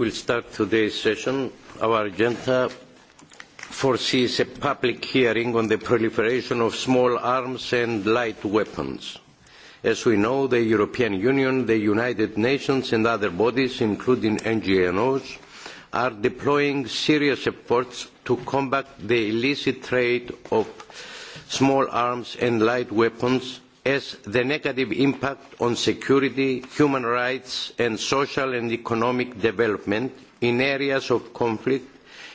will start today's session. Our agenda foresees a public hearing on the proliferation of small arms and light weapons. As we know, the European Union, the United Nations and other bodies, including NGOs, are deploying serious efforts to combat the illicit trade of small arms and light weapons as the negative impact on security, human rights and social and economic development in areas of conflict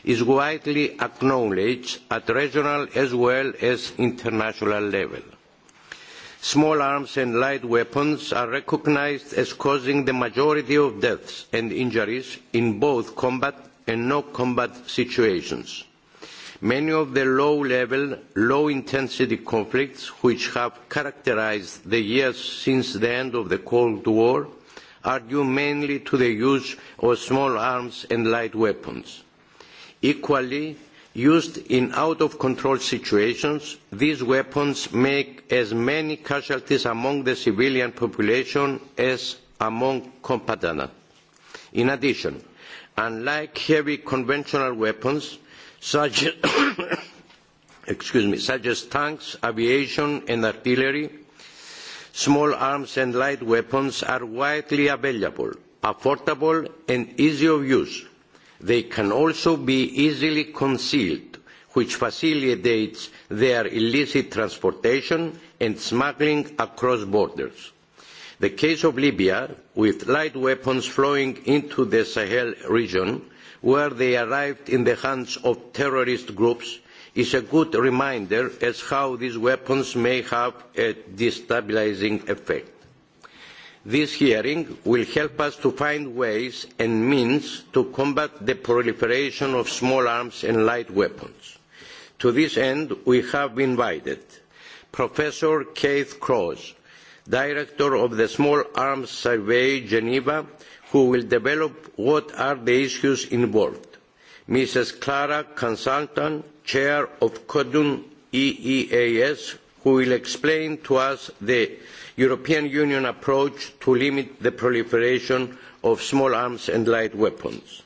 is widely acknowledged at regional as well as international level. Small arms and light weapons are recognised as causing the majority of deaths and injuries in both combat and non-combat situations Many of the low-level, low-intensity conflicts which have characterised the years since the end of the Cold War are due mainly to the use of small arms and light weapons. Equally, used in out-of-control situations, these weapons make as many casualties among the civilian population as among combatants. In addition, unlike heavy conventional weapons, such, excuse me, such as tanks, aviation and artillery, small arms and light weapons are widely available, affordable and easy of use. They can also be easily concealed, which facilitates their illicit transportation and smuggling across borders. The case of Libya, with light weapons flowing into the Sahel region, where they arrived in the hands of terrorist groups is a good reminder as to how these weapons may have a destabilising effect. This hearing will help us to find ways and means to combat the proliferation of small arms and light weapons. To this end, we have invited Professor Keith Cross, Director of the Small Arms Survey Geneva, who will develop what are the issues involved. Mrs. Clara Consultan, Chair of CODUN EEAS, who will explain to us the European Union approach to limit the proliferation of small arms and light weapons.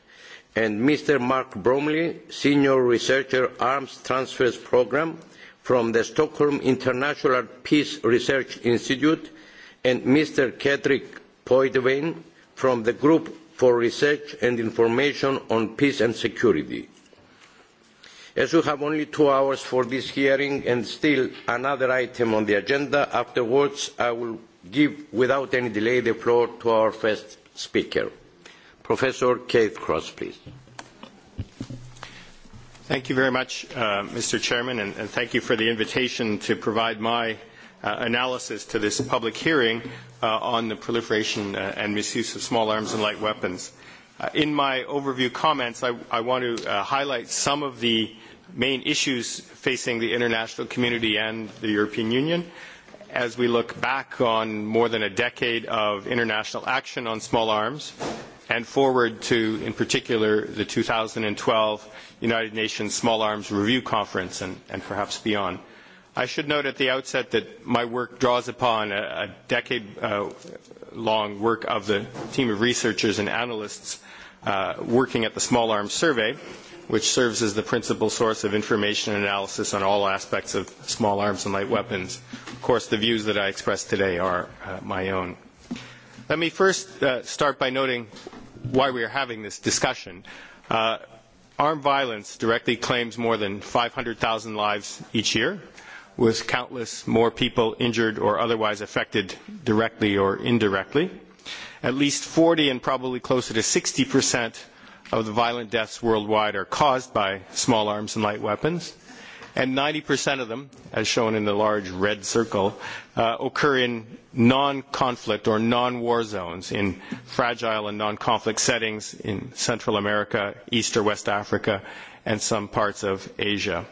And Mr. Mark Bromley, Senior Researcher Arms Transfers Programme from the Stockholm International Peace Research Institute, and Mr. Kedrick Poitevin, from the Group for Research and Information on Peace and Security. As we have only two hours for this hearing and still another item on the agenda, afterwards I will give, without any delay, the floor to our first speaker. Professor Keith Cross, please. Thank you very much, uh, Mr. Chairman, and, and thank you for the invitation to provide my uh, analysis to this public hearing on the proliferation and misuse of small arms and light weapons. in my overview comments, I, I want to highlight some of the main issues facing the international community and the European Union as we look back on more than a decade of international action on small arms and forward to, in particular, the 2012 United Nations Small Arms Review Conference and, and perhaps beyond. I should note at the outset that my work draws upon a, decade-long work of the team of researchers and analysts working at the Small Arms Survey, which serves as the principal source of information and analysis on all aspects of small arms and light weapons. Of course, the views that I express today are my own. Let me first start by noting why we are having this discussion. armed violence directly claims more than five hundred 500,000 lives each year with countless more people injured or otherwise affected directly or indirectly. At least 40 and probably closer to 60 percent of the violent deaths worldwide are caused by small arms and light weapons, and 90 percent of them, as shown in the large red circle, uh, occur in non-conflict or non-war zones, in fragile and non-conflict settings in Central America, East or West Africa, and some parts of Asia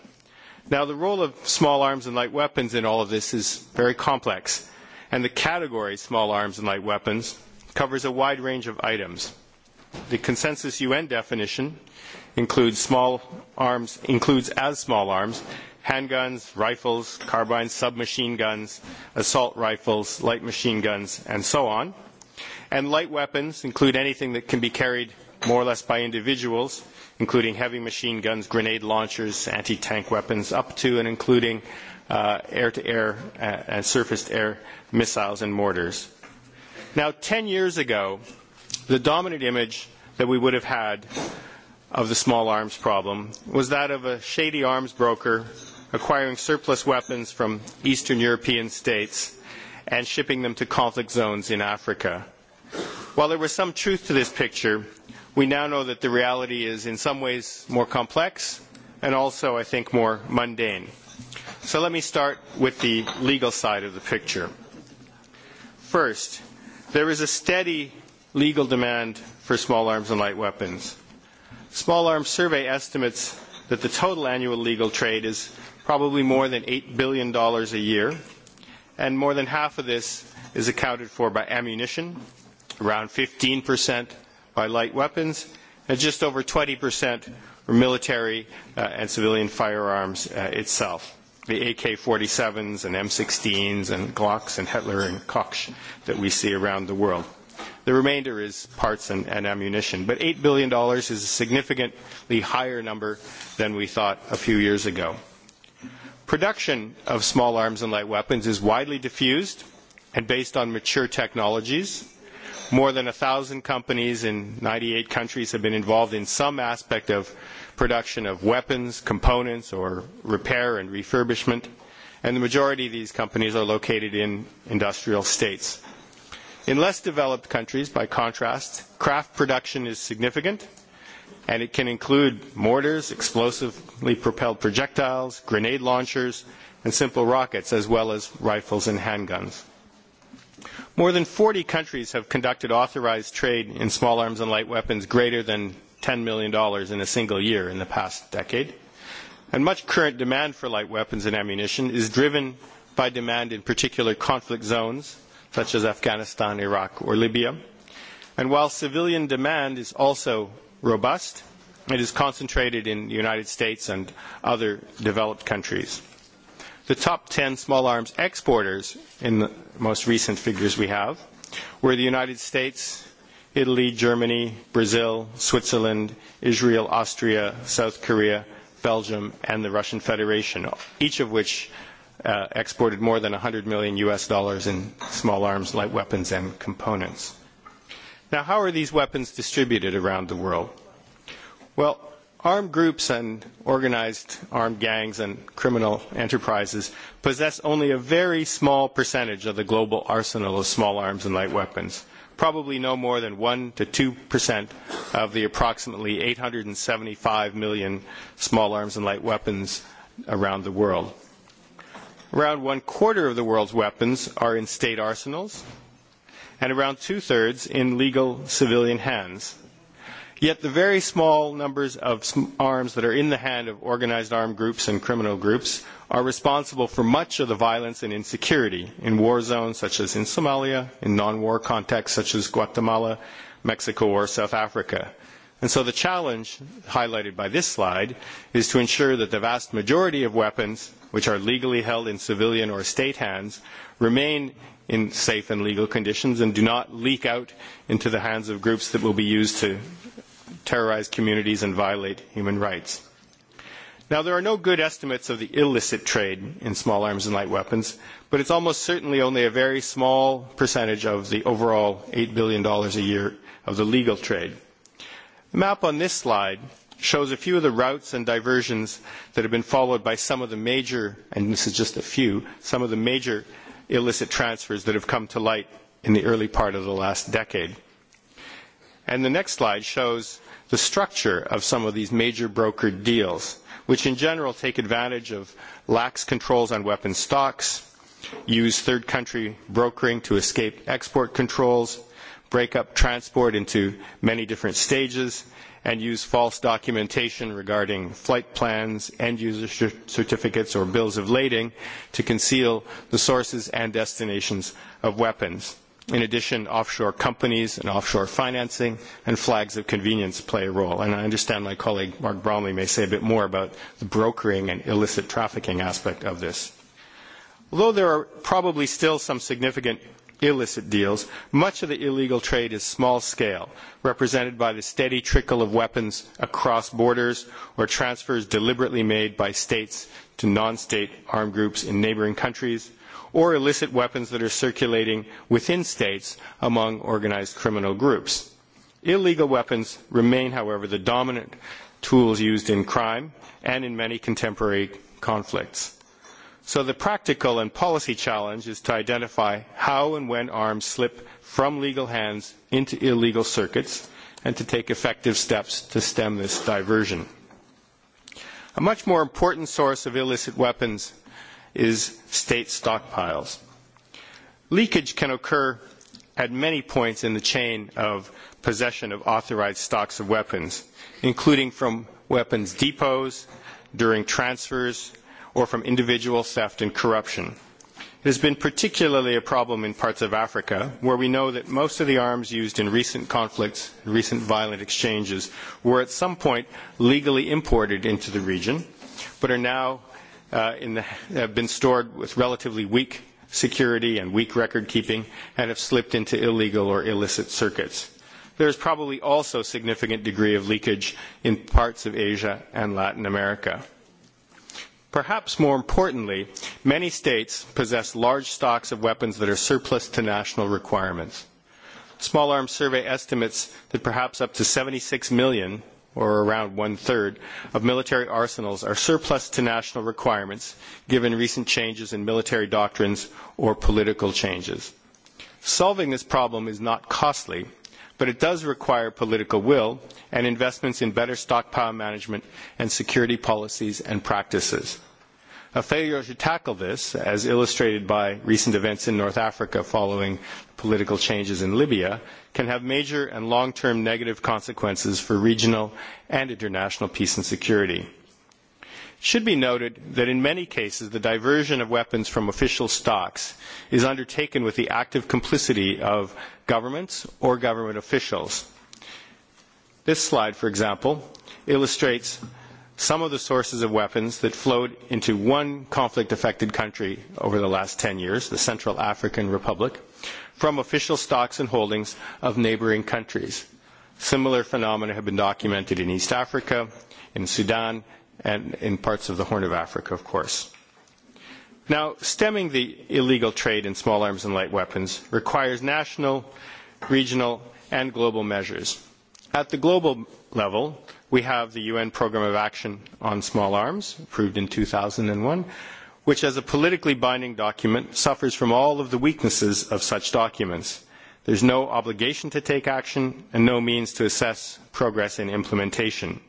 Now, the role of small arms and light weapons in all of this is very complex, and the category small arms and light weapons covers a wide range of items. The consensus UN definition includes small arms, includes as small arms, handguns, rifles, carbines, submachine guns, assault rifles, light machine guns, and so on. And light weapons include anything that can be carried more or less by individuals including heavy machine guns, grenade launchers, anti-tank weapons, up to and including air-to-air and surface-to-air missiles and mortars. Now, 10 years ago, the dominant image that we would have had of the small arms problem was that of a shady arms broker acquiring surplus weapons from Eastern European states and shipping them to conflict zones in Africa. While there was some truth to this picture, we now know that the reality is in some ways more complex and also, I think, more mundane. So let me start with the legal side of the picture. First, there is a steady legal demand for small arms and light weapons. Small Arms Survey estimates that the total annual legal trade is probably more than $8 billion a year, and more than half of this is accounted for by ammunition, around 15 percent, by light weapons, and just over 20% were military and civilian firearms itself. The AK-47s and M16s and Glocks and Hitler and Koch that we see around the world. The remainder is parts and, and ammunition. But $8 billion is a significantly higher number than we thought a few years ago. Production of small arms and light weapons is widely diffused and based on mature technologies More than 1,000 companies in 98 countries have been involved in some aspect of production of weapons, components, or repair and refurbishment, and the majority of these companies are located in industrial states. In less developed countries, by contrast, craft production is significant, and it can include mortars, explosively propelled projectiles, grenade launchers, and simple rockets, as well as rifles and handguns. More than 40 countries have conducted authorized trade in small arms and light weapons greater than $10 million in a single year in the past decade. And much current demand for light weapons and ammunition is driven by demand in particular conflict zones such as Afghanistan, Iraq, or Libya. And while civilian demand is also robust, it is concentrated in the United States and other developed countries the top 10 small arms exporters in the most recent figures we have were the United States, Italy, Germany, Brazil, Switzerland, Israel, Austria, South Korea, Belgium, and the Russian Federation, each of which uh, exported more than 100 million US dollars in small arms, light weapons, and components. Now, how are these weapons distributed around the world? Well, Armed groups and organized armed gangs and criminal enterprises possess only a very small percentage of the global arsenal of small arms and light weapons, probably no more than 1 to 2 percent of the approximately 875 million small arms and light weapons around the world. Around one quarter of the world's weapons are in state arsenals, and around two thirds in legal civilian hands Yet the very small numbers of arms that are in the hand of organized armed groups and criminal groups are responsible for much of the violence and insecurity in war zones such as in Somalia, in non-war contexts such as Guatemala, Mexico, or South Africa. And so the challenge highlighted by this slide is to ensure that the vast majority of weapons which are legally held in civilian or state hands remain in safe and legal conditions and do not leak out into the hands of groups that will be used to terrorize communities and violate human rights. Now, there are no good estimates of the illicit trade in small arms and light weapons, but it's almost certainly only a very small percentage of the overall $8 billion a year of the legal trade. The map on this slide shows a few of the routes and diversions that have been followed by some of the major, and this is just a few, some of the major illicit transfers that have come to light in the early part of the last decade. And the next slide shows the structure of some of these major brokered deals, which in general take advantage of lax controls on weapons stocks, use third country brokering to escape export controls, break up transport into many different stages, and use false documentation regarding flight plans, end user certificates, or bills of lading to conceal the sources and destinations of weapons In addition, offshore companies and offshore financing and flags of convenience play a role. And I understand my colleague Mark Bromley may say a bit more about the brokering and illicit trafficking aspect of this. Although there are probably still some significant illicit deals, much of the illegal trade is small scale, represented by the steady trickle of weapons across borders or transfers deliberately made by states to non-state armed groups in neighboring countries or illicit weapons that are circulating within states among organized criminal groups. Illegal weapons remain, however, the dominant tools used in crime and in many contemporary conflicts. So the practical and policy challenge is to identify how and when arms slip from legal hands into illegal circuits and to take effective steps to stem this diversion. A much more important source of illicit weapons is state stockpiles. Leakage can occur at many points in the chain of possession of authorized stocks of weapons, including from weapons depots, during transfers, or from individual theft and corruption. It has been particularly a problem in parts of Africa, where we know that most of the arms used in recent conflicts and recent violent exchanges were at some point legally imported into the region, but are now in the, have been stored with relatively weak security and weak record keeping and have slipped into illegal or illicit circuits. There is probably also a significant degree of leakage in parts of Asia and Latin America. Perhaps more importantly, many states possess large stocks of weapons that are surplus to national requirements. Small Arms Survey estimates that perhaps up to 76 million or around one-third, of military arsenals are surplus to national requirements given recent changes in military doctrines or political changes. Solving this problem is not costly, but it does require political will and investments in better stockpile management and security policies and practices. A failure to tackle this, as illustrated by recent events in North Africa following political changes in Libya, can have major and long-term negative consequences for regional and international peace and security. It should be noted that in many cases the diversion of weapons from official stocks is undertaken with the active complicity of governments or government officials. This slide, for example, illustrates some of the sources of weapons that flowed into one conflict affected country over the last 10 years, the Central African Republic, from official stocks and holdings of neighboring countries. Similar phenomena have been documented in East Africa, in Sudan, and in parts of the Horn of Africa, of course. Now, stemming the illegal trade in small arms and light weapons requires national, regional, and global measures. At the global level, We have the UN Programme of Action on Small Arms, approved in 2001, which as a politically binding document suffers from all of the weaknesses of such documents. There is no obligation to take action and no means to assess progress in implementation.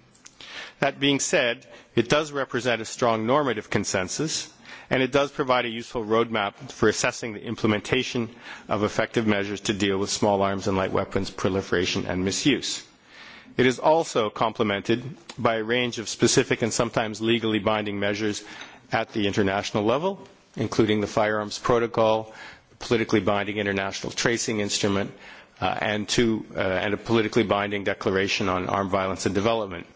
That being said, it does represent a strong normative consensus and it does provide a useful roadmap for assessing the implementation of effective measures to deal with small arms and light weapons proliferation and misuse. It is also complemented by a range of specific and sometimes legally binding measures at the international level, including the Firearms Protocol, the politically binding International Tracing Instrument, and, two, and a politically binding declaration on armed violence and development.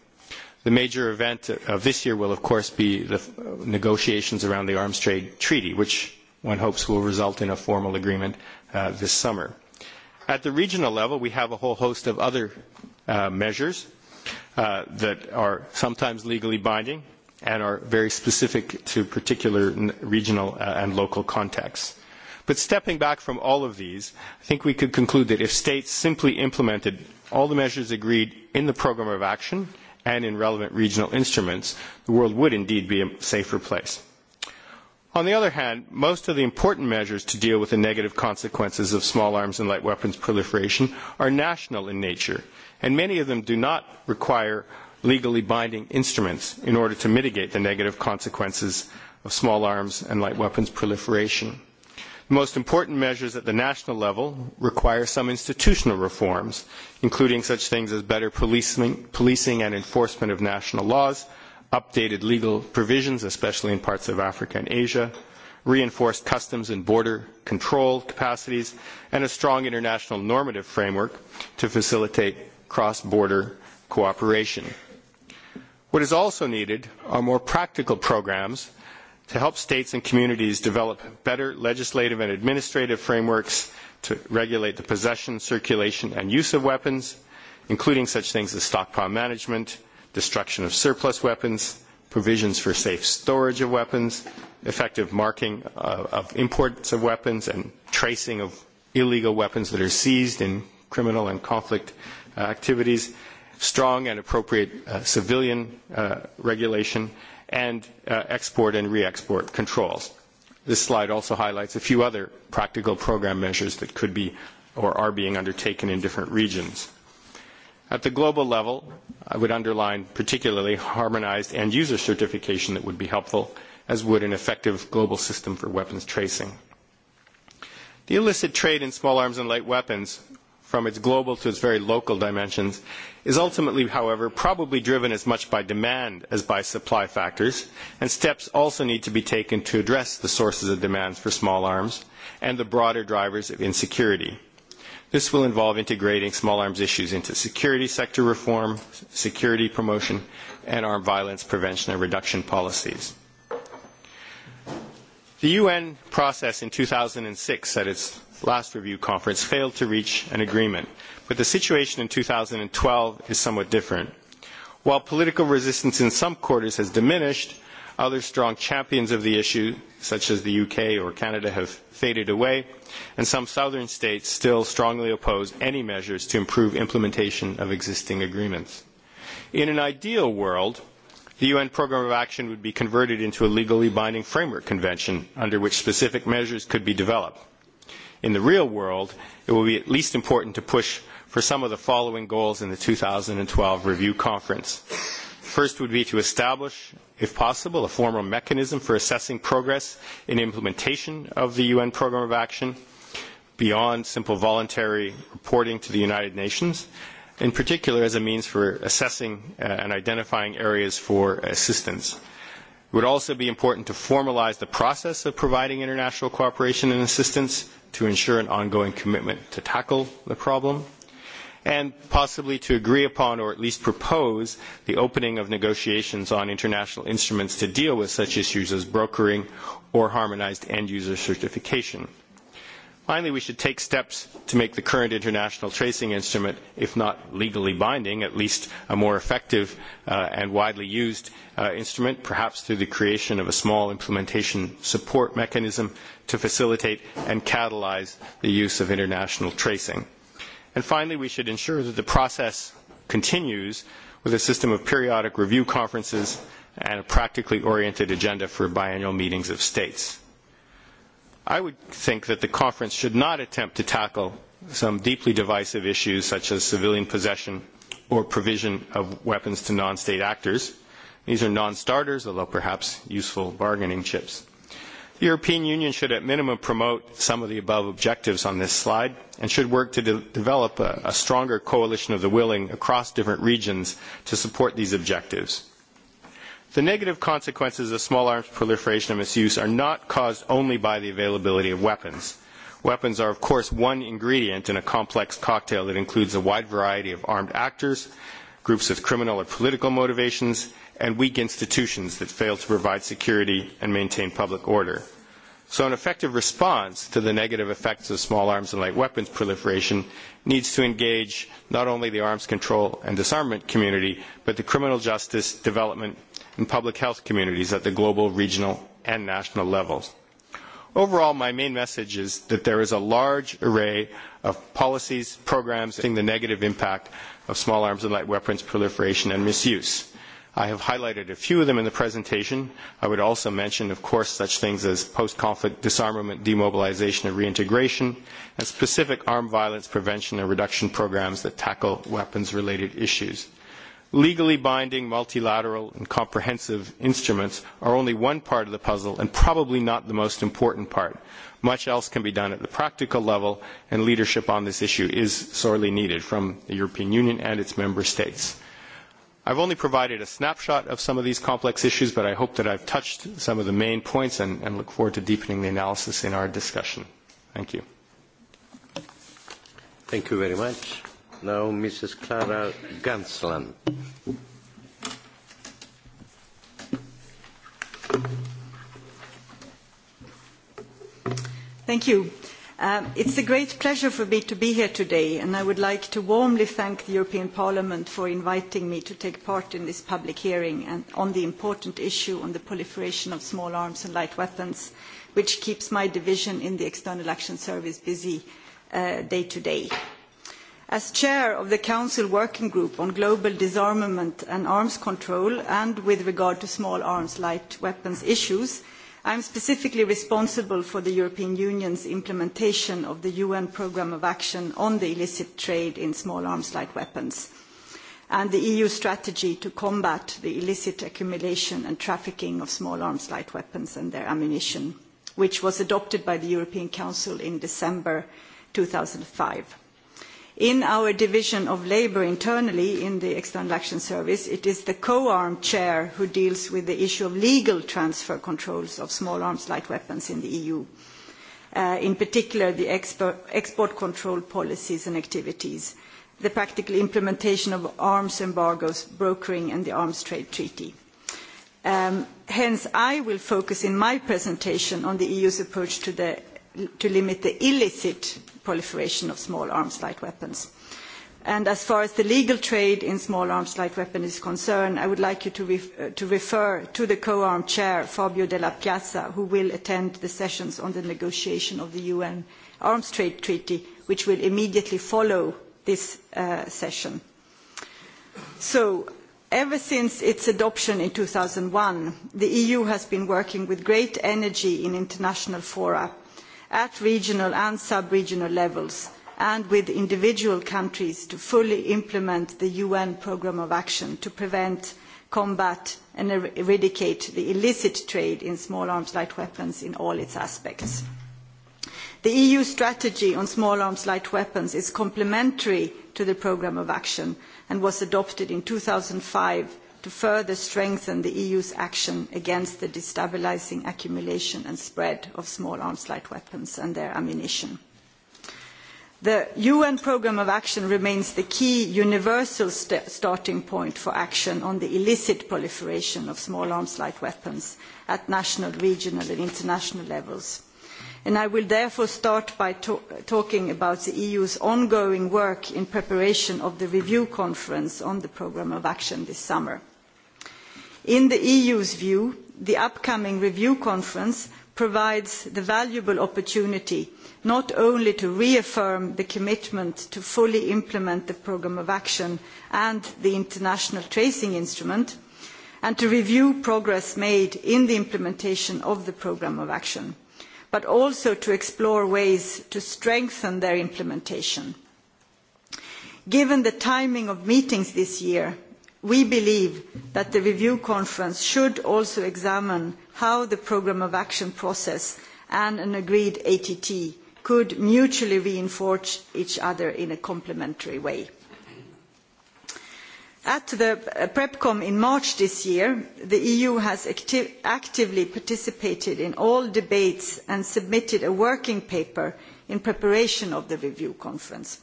The major event of this year will, of course, be the negotiations around the arms trade treaty, which one hopes will result in a formal agreement this summer. At the regional level, we have a whole host of other measures that are sometimes legally binding and are very specific to particular regional and local contexts. But stepping back from all of these, I think we could conclude that if states simply implemented all the measures agreed in the programme of action and in relevant regional instruments, the world would indeed be a safer place. On the other hand, most of the important measures to deal with the negative consequences of small arms and light weapons proliferation are national in nature and many of them do not require legally binding instruments in order to mitigate the negative consequences of small arms and light weapons proliferation. The most important measures at the national level require some institutional reforms, including such things as better policing, policing and enforcement of national laws, updated legal provisions, especially in parts of Africa and Asia, reinforced customs and border control capacities, and a strong international normative framework to facilitate cross-border cooperation. What is also needed are more practical programs to help states and communities develop better legislative and administrative frameworks to regulate the possession, circulation, and use of weapons, including such things as stockpile management, destruction of surplus weapons, provisions for safe storage of weapons, effective marking of imports of weapons, and tracing of illegal weapons that are seized in criminal and conflict activities, strong and appropriate civilian regulation, and export and re-export controls. This slide also highlights a few other practical program measures that could be or are being undertaken in different regions. At the global level, I would underline particularly harmonized end user certification that would be helpful, as would an effective global system for weapons tracing. The illicit trade in small arms and light weapons from its global to its very local dimensions, is ultimately, however, probably driven as much by demand as by supply factors, and steps also need to be taken to address the sources of demand for small arms and the broader drivers of insecurity. This will involve integrating small arms issues into security sector reform, security promotion, and armed violence prevention and reduction policies. The UN process in 2006 at its last review conference failed to reach an agreement, but the situation in 2012 is somewhat different. While political resistance in some quarters has diminished, other strong champions of the issue, such as the UK or Canada, have faded away, and some southern states still strongly oppose any measures to improve implementation of existing agreements. In an ideal world, the UN Programme of Action would be converted into a legally binding framework convention under which specific measures could be developed. In the real world, it will be at least important to push for some of the following goals in the 2012 review conference. First would be to establish, if possible, a formal mechanism for assessing progress in implementation of the UN Programme of Action beyond simple voluntary reporting to the United Nations in particular as a means for assessing and identifying areas for assistance. It would also be important to formalize the process of providing international cooperation and assistance to ensure an ongoing commitment to tackle the problem and possibly to agree upon or at least propose the opening of negotiations on international instruments to deal with such issues as brokering or harmonized end user certification Finally, we should take steps to make the current international tracing instrument, if not legally binding, at least a more effective uh, and widely used uh, instrument, perhaps through the creation of a small implementation support mechanism to facilitate and catalyze the use of international tracing. And finally, we should ensure that the process continues with a system of periodic review conferences and a practically oriented agenda for biannual meetings of states. I would think that the conference should not attempt to tackle some deeply divisive issues such as civilian possession or provision of weapons to non-state actors. These are non-starters, although perhaps useful bargaining chips. The European Union should at minimum promote some of the above objectives on this slide and should work to de develop a, a stronger coalition of the willing across different regions to support these objectives The negative consequences of small arms proliferation and misuse are not caused only by the availability of weapons. Weapons are, of course, one ingredient in a complex cocktail that includes a wide variety of armed actors, groups with criminal or political motivations, and weak institutions that fail to provide security and maintain public order. So an effective response to the negative effects of small arms and light weapons proliferation needs to engage not only the arms control and disarmament community, but the criminal justice, development, and public health communities at the global, regional, and national levels. Overall, my main message is that there is a large array of policies, programs, the negative impact of small arms and light weapons proliferation and misuse I have highlighted a few of them in the presentation. I would also mention, of course, such things as post-conflict disarmament, demobilization, and reintegration, and specific armed violence prevention and reduction programs that tackle weapons-related issues. Legally binding, multilateral, and comprehensive instruments are only one part of the puzzle and probably not the most important part. Much else can be done at the practical level, and leadership on this issue is sorely needed from the European Union and its member states. I've only provided a snapshot of some of these complex issues, but I hope that I've touched some of the main points and, and look forward to deepening the analysis in our discussion. Thank you. Thank you very much. Now, Mrs. Clara Gansland. Thank you. It is a great pleasure for me to be here today, and I would like to warmly thank the European Parliament for inviting me to take part in this public hearing on the important issue on the proliferation of small arms and light weapons, which keeps my division in the External Action Service busy day to day. As chair of the Council Working Group on Global Disarmament and Arms Control, and with regard to small arms light weapons issues, I am specifically responsible for the European Union's implementation of the UN Programme of Action on the illicit trade in small arms light weapons and the EU strategy to combat the illicit accumulation and trafficking of small arms light weapons and their ammunition, which was adopted by the European Council in December two thousand five In our division of labour internally in the External Action Service, it is the co-arm chair who deals with the issue of legal transfer controls of small arms light weapons in the EU, in particular the export control policies and activities, the practical implementation of arms embargoes, brokering and the arms trade treaty. hence, I will focus in my presentation on the EU's approach to the to limit the illicit proliferation of small arms light weapons. And as far as the legal trade in small arms light weapons is concerned, I would like you to, refer to the co co-arm chair, Fabio Della Piazza, who will attend the sessions on the negotiation of the UN Arms Trade Treaty, which will immediately follow this session. So, ever since its adoption in two thousand one, the EU has been working with great energy in international fora at regional and sub-regional levels and with individual countries to fully implement the UN Programme of Action to prevent, combat and eradicate the illicit trade in small arms light weapons in all its aspects. The EU strategy on small arms light weapons is complementary to the Programme of Action and was adopted in two thousand five to further strengthen the EU's action against the destabilising accumulation and spread of small arms light weapons and their ammunition. The UN Programme of Action remains the key universal starting point for action on the illicit proliferation of small arms light weapons at national, regional and international levels. I will therefore start by talking about the EU's ongoing work in preparation of the review conference on the Programme of Action this summer in the eu's view the upcoming review conference provides the valuable opportunity not only to reaffirm the commitment to fully implement the programme of action and the international tracing instrument and to review progress made in the implementation of the programme of action but also to explore ways to strengthen their implementation. Given the timing of meetings this year, we believe that the review conference should also examine how the programme of action process and an agreed att could mutually reinforce each other in a complementary way. At the PrepCom in March this year, the EU has actively participated in all debates and submitted a working paper in preparation of the review conference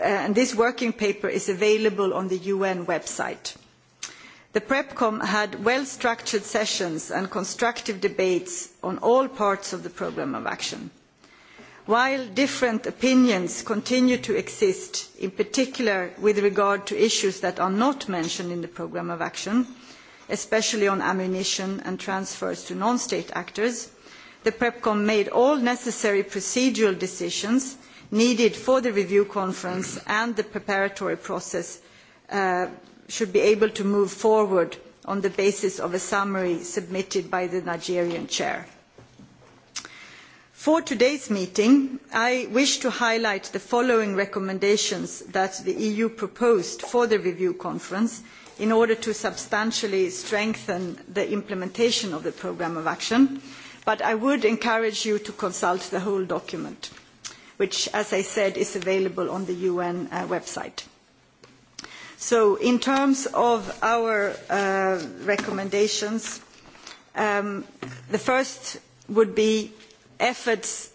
and this working paper is available on the UN website. The PrepCom had well-structured sessions and constructive debates on all parts of the programme of action. While different opinions continue to exist, in particular with regard to issues that are not mentioned in the programme of action, especially on ammunition and transfers to non-state actors, the PrepCom made all necessary procedural decisions – needed for the review conference and the preparatory process should be able to move forward on the basis of a summary submitted by the Nigerian chair. For today's meeting, I wish to highlight the following recommendations that the EU proposed for the review conference in order to substantially strengthen the implementation of the programme of action, but I would encourage you to consult the whole document which, as I said, is available on the UN website. So in terms of our recommendations, the first would be efforts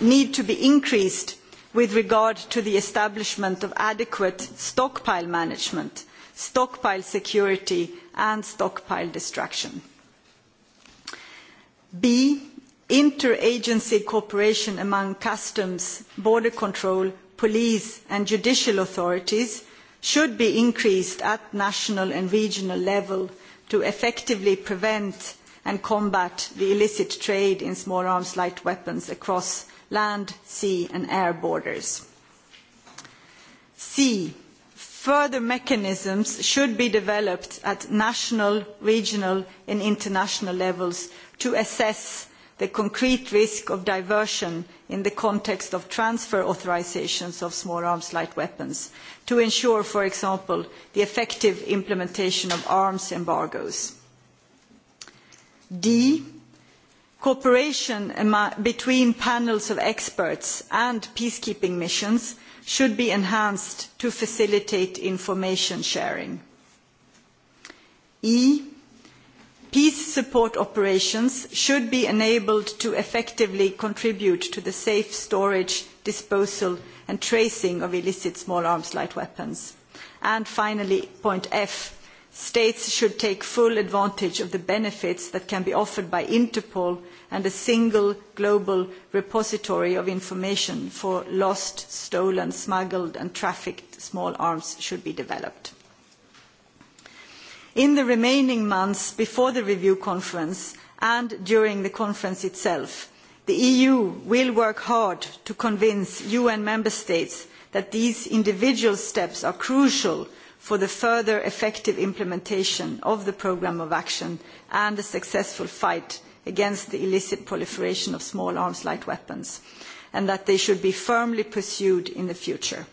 need to be increased with regard to the establishment of adequate stockpile management, stockpile security and stockpile destruction. B, interagency cooperation among customs, border control, police and judicial authorities should be increased at national and regional level to effectively prevent and combat the illicit trade in small arms light weapons across land, sea and air borders. C. Further mechanisms should be developed at national, regional and international levels to assess the concrete risk of diversion in the context of transfer authorisations of small arms light weapons to ensure, for example, the effective implementation of arms embargoes. D. Cooperation between panels of experts and peacekeeping missions should be enhanced to facilitate information sharing. E Peace support operations should be enabled to effectively contribute to the safe storage, disposal and tracing of illicit small arms light weapons. And finally, point F, states should take full advantage of the benefits that can be offered by Interpol and a single global repository of information for lost, stolen, smuggled and trafficked small arms should be developed in the remaining months before the review conference and during the conference itself the eu will work hard to convince un member states that these individual steps are crucial for the further effective implementation of the programme of action and the successful fight against the illicit proliferation of small arms light weapons and that they should be firmly pursued in the future.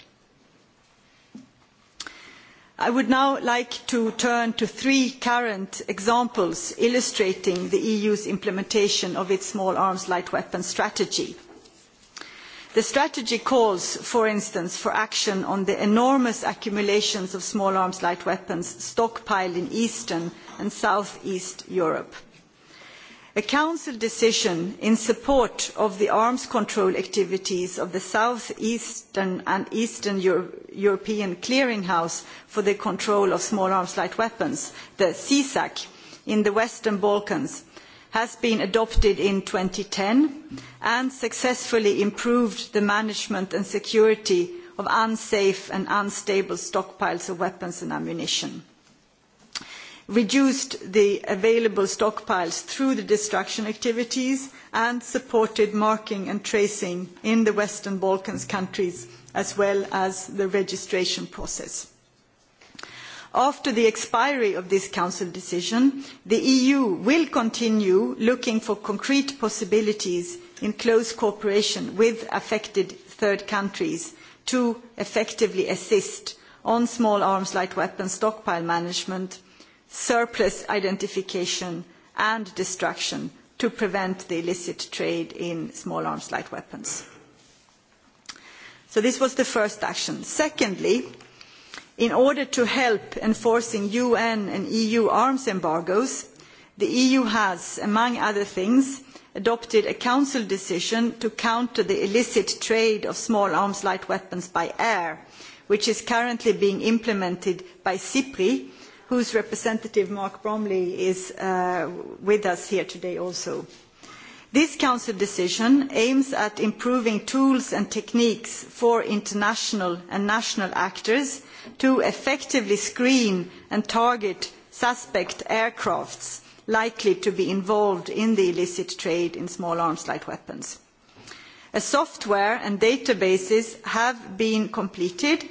I would now like to turn to three current examples illustrating the EU's implementation of its small arms light weapons strategy. The strategy calls, for instance, for action on the enormous accumulations of small arms light weapons stockpiled in Eastern and South East Europe A Council decision in support of the arms control activities of the South Eastern and Eastern European Clearinghouse for the Control of Small Arms Light Weapons, the CSAC, in the Western Balkans has been adopted in ten and successfully improved the management and security of unsafe and unstable stockpiles of weapons and ammunition reduced the available stockpiles through the destruction activities and supported marking and tracing in the Western Balkans countries as well as the registration process. After the expiry of this Council decision, the EU will continue looking for concrete possibilities in close cooperation with affected third countries to effectively assist on small arms light weapons stockpile management surplus identification and destruction to prevent the illicit trade in small arms light weapons. So this was the first action. Secondly, in order to help enforcing UN and EU arms embargoes, the EU has, among other things, adopted a Council decision to counter the illicit trade of small arms light weapons by air, which is currently being implemented by CIPRI, whose representative, Mark Bromley, is with us here today also. This Council decision aims at improving tools and techniques for international and national actors to effectively screen and target suspect aircrafts likely to be involved in the illicit trade in small arms light weapons. A software and databases have been completed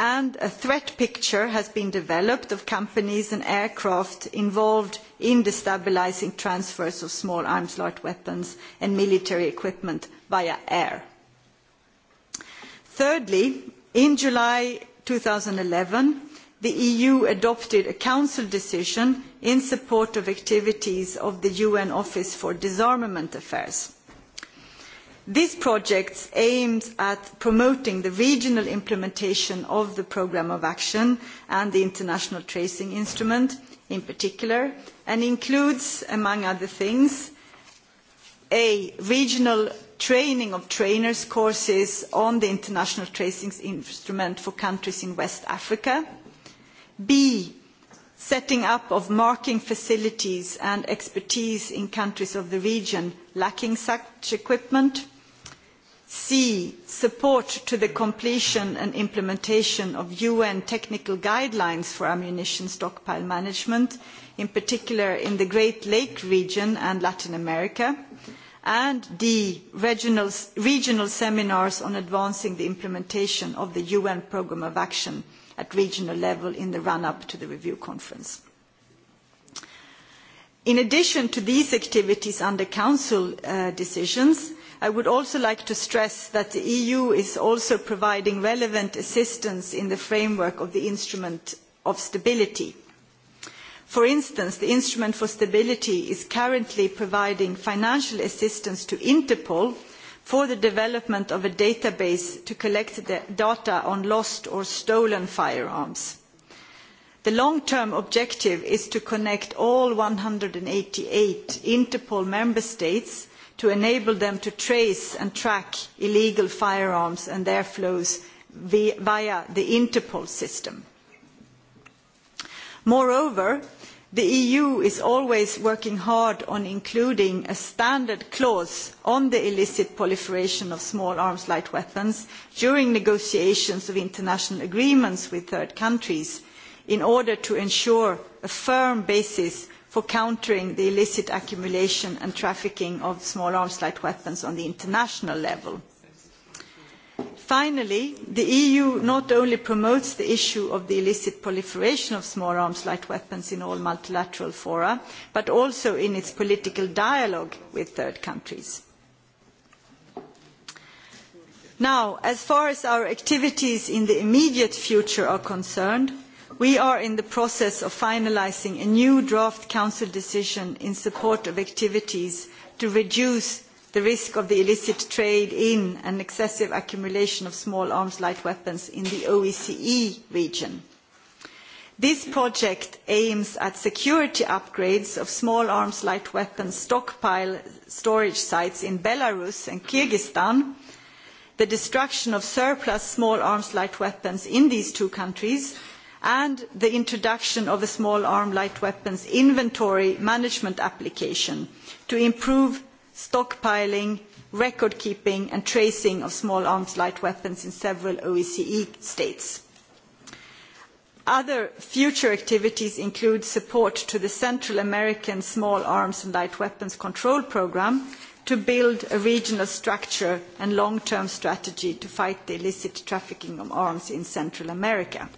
and a threat picture has been developed of companies and aircraft involved in destabilising transfers of small arms, light weapons and military equipment via air. Thirdly, in July eleven, the EU adopted a Council decision in support of activities of the UN Office for Disarmament Affairs These projects aim at promoting the regional implementation of the Programme of Action and the International Tracing Instrument in particular, and includes, among other things, a regional training of trainers courses on the International Tracing Instrument for countries in West Africa. B. Setting up of marking facilities and expertise in countries of the region lacking such equipment c support to the completion and implementation of un technical guidelines for ammunition stockpile management in particular in the great lakes region and latin america and d regional seminars on advancing the implementation of the un programme of action at regional level in the run up to the review conference. in addition to these activities under council decisions i would also like to stress that the eu is also providing relevant assistance in the framework of the instrument for stability. for instance the instrument for stability is currently providing financial assistance to interpol for the development of a database to collect data on lost or stolen firearms. The long-term objective is to connect all one hundred and eighty eight Interpol member states to enable them to trace and track illegal firearms and their flows via the Interpol system. Moreover, the EU is always working hard on including a standard clause on the illicit proliferation of small arms light weapons during negotiations of international agreements with third countries in order to ensure a firm basis for countering the illicit accumulation and trafficking of small arms light weapons on the international level. Finally, the EU not only promotes the issue of the illicit proliferation of small arms light weapons in all multilateral fora, but also in its political dialogue with third countries. Now, as far as our activities in the immediate future are concerned, we are in the process of finalising a new draft council decision in support of activities to reduce the risk of the illicit trade in and excessive accumulation of small arms light weapons in the OECE region. This project aims at security upgrades of small arms light weapons stockpile storage sites in Belarus and Kyrgyzstan, the destruction of surplus small arms light weapons in these two countries, and the introduction of a small arms light weapons inventory management application to improve stockpiling, record keeping and tracing of small arms light weapons in several OECE states. Other future activities include support to the Central American Small Arms and Light Weapons Control Programme to build a regional structure and long-term strategy to fight the illicit trafficking of arms in Central America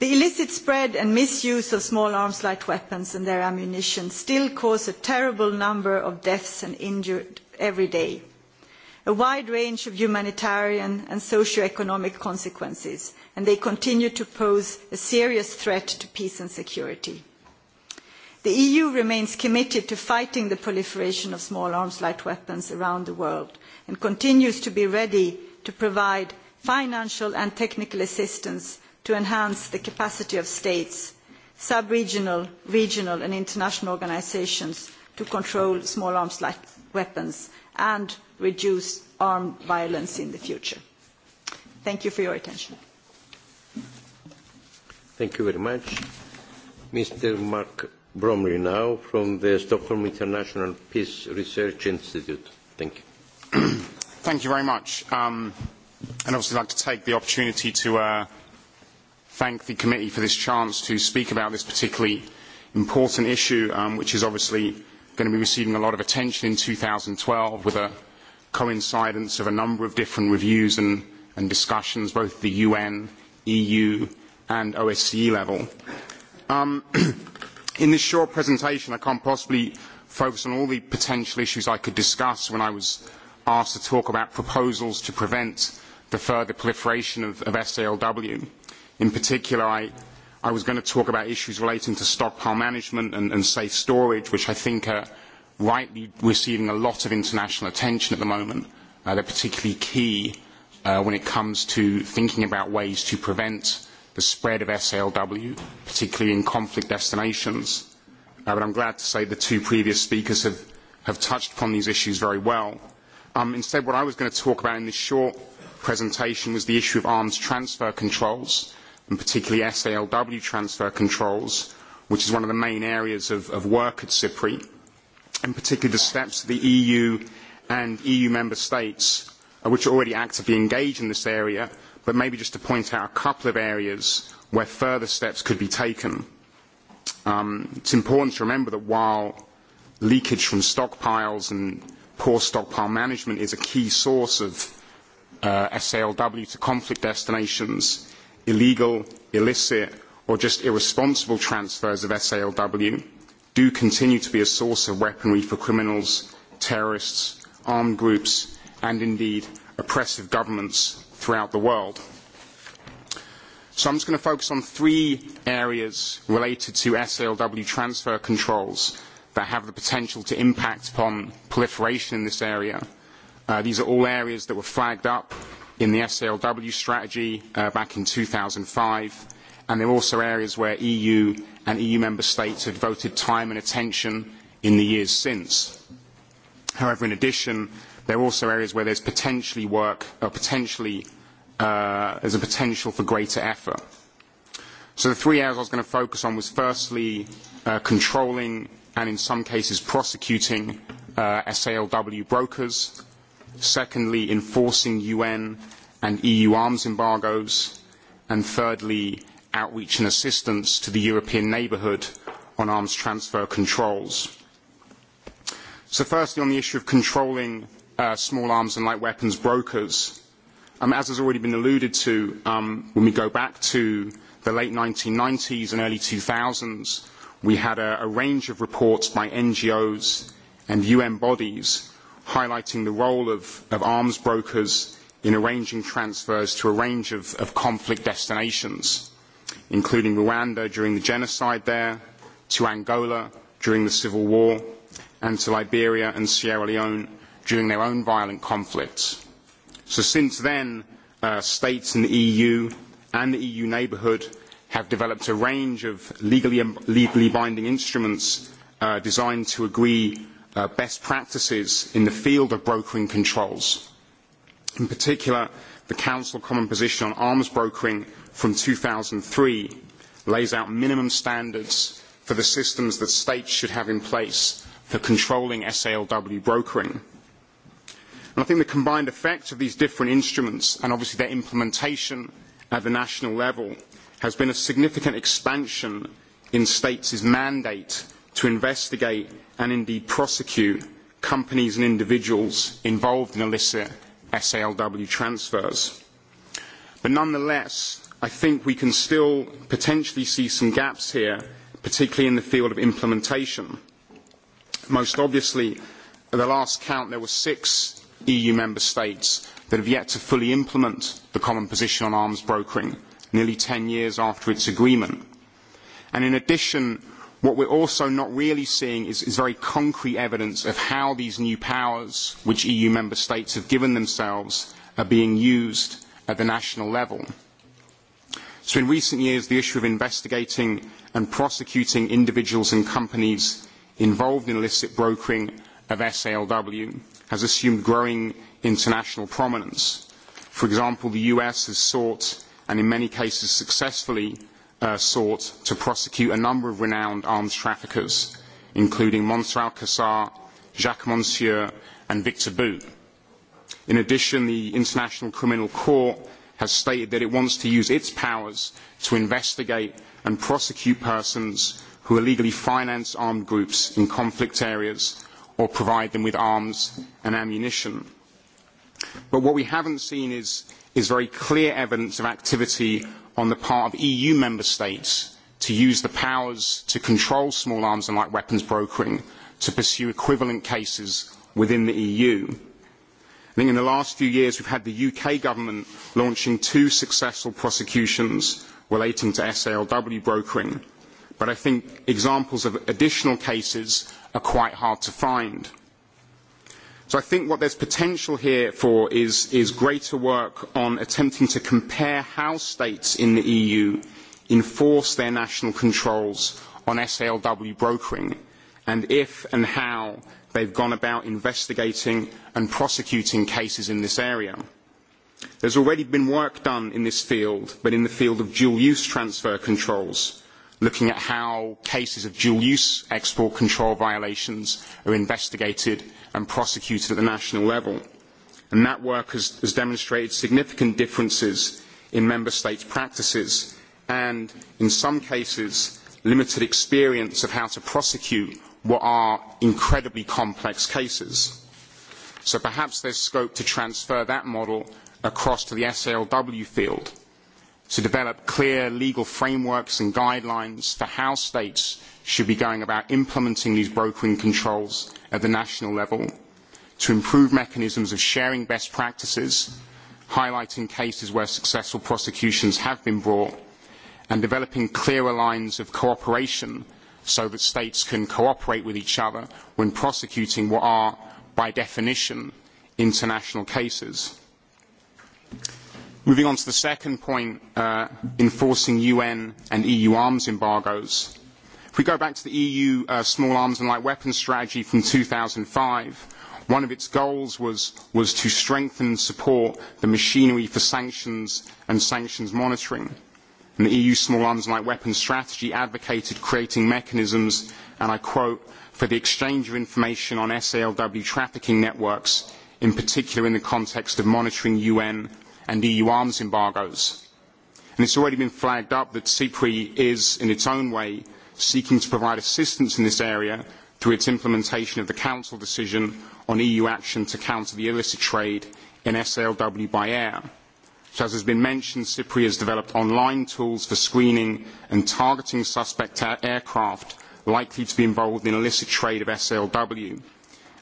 The illicit spread and misuse of small arms light weapons and their ammunition still cause a terrible number of deaths and injured every day. A wide range of humanitarian and socio-economic consequences, and they continue to pose a serious threat to peace and security. The EU remains committed to fighting the proliferation of small arms light weapons around the world and continues to be ready to provide financial and technical assistance to enhance the capacity of states, sub-regional, regional and international organisations to control small arms like weapons and reduce armed violence in the future. Thank you for your attention. Thank you very much. Mr. Mark Bromley now from the Stockholm International Peace Research Institute. Thank you. Thank you very much. Um, and obviously I'd like to take the opportunity to uh, thank the committee for this chance to speak about this particularly important issue, um, which is obviously going to be receiving a lot of attention in 2012 with a coincidence of a number of different reviews and, and discussions, both at the UN, EU, and OSCE level. Um, in this short presentation, I can't possibly focus on all the potential issues I could discuss when I was asked to talk about proposals to prevent the further proliferation of, of SALW. In particular, I, I was going to talk about issues relating to stockpile management and, and safe storage, which I think are rightly receiving a lot of international attention at the moment. Uh, they're particularly key uh, when it comes to thinking about ways to prevent the spread of SALW, particularly in conflict destinations. Uh, but I'm glad to say the two previous speakers have, have touched upon these issues very well. Um, instead, what I was going to talk about in this short presentation was the issue of arms transfer controls and particularly SALW transfer controls, which is one of the main areas of, of work at CIPRI, and particularly the steps of the EU and EU member states, which are already actively engaged in this area, but maybe just to point out a couple of areas where further steps could be taken. Um, it's important to remember that while leakage from stockpiles and poor stockpile management is a key source of uh, SALW to conflict destinations, illegal, illicit, or just irresponsible transfers of SALW do continue to be a source of weaponry for criminals, terrorists, armed groups, and indeed oppressive governments throughout the world. So I'm just going to focus on three areas related to SALW transfer controls that have the potential to impact upon proliferation in this area. these are all areas that were flagged up in the SALW strategy uh, back in 2005, and there are also areas where EU and EU member states have devoted time and attention in the years since. However, in addition, there are also areas where there's potentially work, or potentially uh, there's a potential for greater effort. So the three areas I was going to focus on was firstly uh, controlling and in some cases prosecuting uh, SALW brokers secondly, enforcing UN and EU arms embargoes, and thirdly, outreach and assistance to the European neighbourhood on arms transfer controls. So firstly, on the issue of controlling small arms and light weapons brokers, as has already been alluded to, when we go back to the late 1990s and early 2000s, we had a, range of reports by NGOs and UN bodies highlighting the role of, of arms brokers in arranging transfers to a range of, of conflict destinations, including Rwanda during the genocide there, to Angola during the civil war, and to Liberia and Sierra Leone during their own violent conflicts. So since then, uh, states in the EU and the EU neighbourhood have developed a range of legally, legally binding instruments uh, designed to agree best practices in the field of brokering controls. In particular, the Council Common Position on Arms Brokering from two thousand three lays out minimum standards for the systems that states should have in place for controlling SALW brokering. I think the combined effect of these different instruments and obviously their implementation at the national level has been a significant expansion in states' mandate to investigate and indeed prosecute companies and individuals involved in illicit SALW transfers. But nonetheless, I think we can still potentially see some gaps here, particularly in the field of implementation. Most obviously, at the last count, there were six EU member states that have yet to fully implement the Common Position on Arms Brokering, nearly ten years after its agreement. And in addition, What we are also not really seeing is, very concrete evidence of how these new powers, which EU member states have given themselves, are being used at the national level. So in recent years, the issue of investigating and prosecuting individuals and companies involved in illicit brokering of SALW has assumed growing international prominence. For example, the US has sought, and in many cases successfully, sought to prosecute a number of renowned arms traffickers, including Montreal Cassar, Jacques Monsieur, and Victor Bout. In addition, the International Criminal Court has stated that it wants to use its powers to investigate and prosecute persons who illegally finance armed groups in conflict areas or provide them with arms and ammunition. But what we haven't seen is, is very clear evidence of activity on the part of EU member states to use the powers to control small arms and light weapons brokering to pursue equivalent cases within the EU. I think in the last few years we've had the UK government launching two successful prosecutions relating to SALW brokering, but I think examples of additional cases are quite hard to find. So I think what there is potential here for is, greater work on attempting to compare how states in the EU enforce their national controls on SALW brokering and if and how they have gone about investigating and prosecuting cases in this area. There has already been work done in this field, but in the field of dual-use transfer controls, looking at how cases of dual-use export control violations are investigated and prosecuted at the national level. And that work has, has demonstrated significant differences in member states' practices and, in some cases, limited experience of how to prosecute what are incredibly complex cases. So perhaps there's scope to transfer that model across to the SALW field – to develop clear legal frameworks and guidelines for how states should be going about implementing these brokering controls at the national level, to improve mechanisms of sharing best practices, highlighting cases where successful prosecutions have been brought, and developing clearer lines of cooperation so that states can cooperate with each other when prosecuting what are, by definition, international cases. Moving on to the second point, enforcing UN and EU arms embargoes. If we go back to the EU Small Arms and Light Weapons Strategy from two thousand five, one of its goals was, to strengthen and support the machinery for sanctions and sanctions monitoring. the EU Small Arms and Light Weapons Strategy advocated creating mechanisms, and I quote, for the exchange of information on SALW trafficking networks, in particular in the context of monitoring UN and EU arms embargoes. And it's already been flagged up that CIPRI is, in its own way, seeking to provide assistance in this area through its implementation of the Council decision on EU action to counter the illicit trade in SLW by air. So as has been mentioned, CIPRI has developed online tools for screening and targeting suspect aircraft likely to be involved in illicit trade of SLW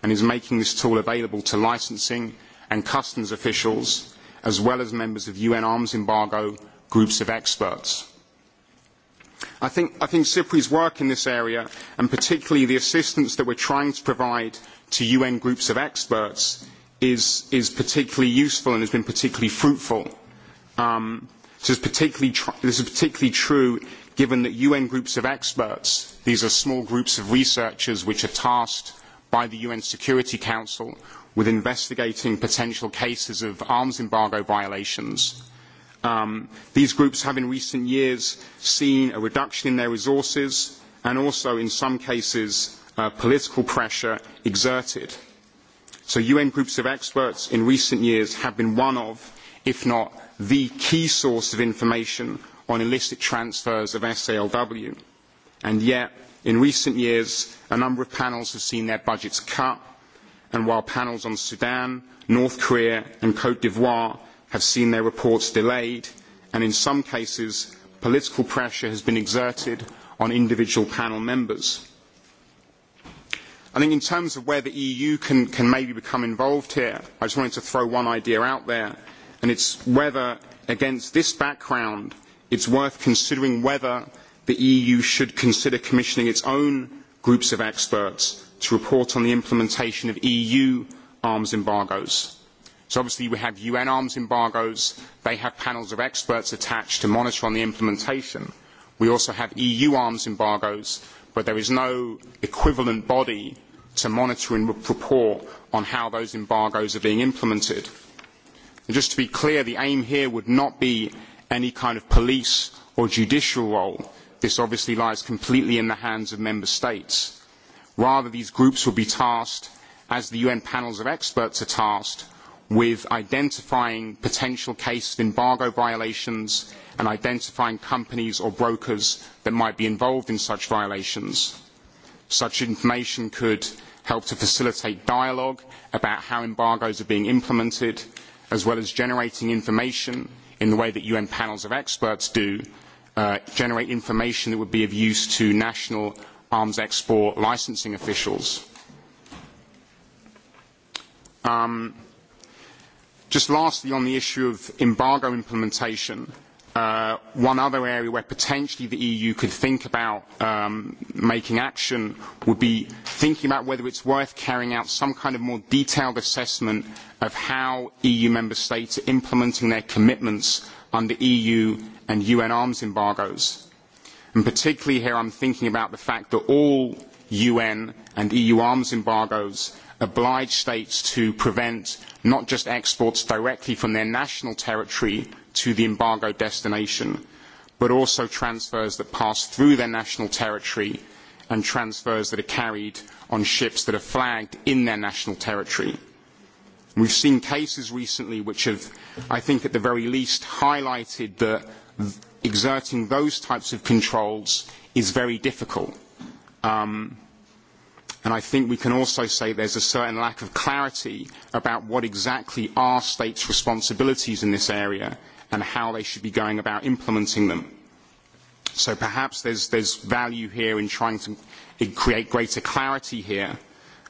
and is making this tool available to licensing and customs officials as well as members of UN arms embargo groups of experts. I think, I think CIPRI's work in this area, and particularly the assistance that we are trying to provide to UN groups of experts, is, is particularly useful and has been particularly fruitful. this, is particularly this is particularly true given that UN groups of experts, these are small groups of researchers which are tasked by the UN Security Council with investigating potential cases of arms embargo violations. these groups have in recent years seen a reduction in their resources and also in some cases political pressure exerted. So UN groups of experts in recent years have been one of, if not the key source of information on illicit transfers of SALW. And yet, in recent years, a number of panels have seen their budgets cut and while panels on Sudan, North Korea and Cote d'Ivoire have seen their reports delayed, and in some cases, political pressure has been exerted on individual panel members. I think in terms of where the EU can, can maybe become involved here, I just wanted to throw one idea out there, and it's whether, against this background, it's worth considering whether the EU should consider commissioning its own groups of experts to report on the implementation of EU arms embargoes. So obviously we have UN arms embargoes, they have panels of experts attached to monitor on the implementation. We also have EU arms embargoes, but there is no equivalent body to monitor and report on how those embargoes are being implemented. And just to be clear, the aim here would not be any kind of police or judicial role this obviously lies completely in the hands of member states. Rather, these groups will be tasked, as the UN panels of experts are tasked, with identifying potential cases of embargo violations and identifying companies or brokers that might be involved in such violations. Such information could help to facilitate dialogue about how embargoes are being implemented, as well as generating information in the way that UN panels of experts do generate information that would be of use to national arms export licensing officials. just lastly, on the issue of embargo implementation, one other area where potentially the EU could think about making action would be thinking about whether it's worth carrying out some kind of more detailed assessment of how EU member states are implementing their commitments under EU and UN arms embargoes. And particularly here, I am thinking about the fact that all UN and EU arms embargoes oblige states to prevent not just exports directly from their national territory to the embargo destination, but also transfers that pass through their national territory and transfers that are carried on ships that are flagged in their national territory. We've seen cases recently which have, I think, at the very least, highlighted that exerting those types of controls is very difficult. Um, and I think we can also say there's a certain lack of clarity about what exactly are states' responsibilities in this area and how they should be going about implementing them. So perhaps there's, there's value here in trying to create greater clarity here.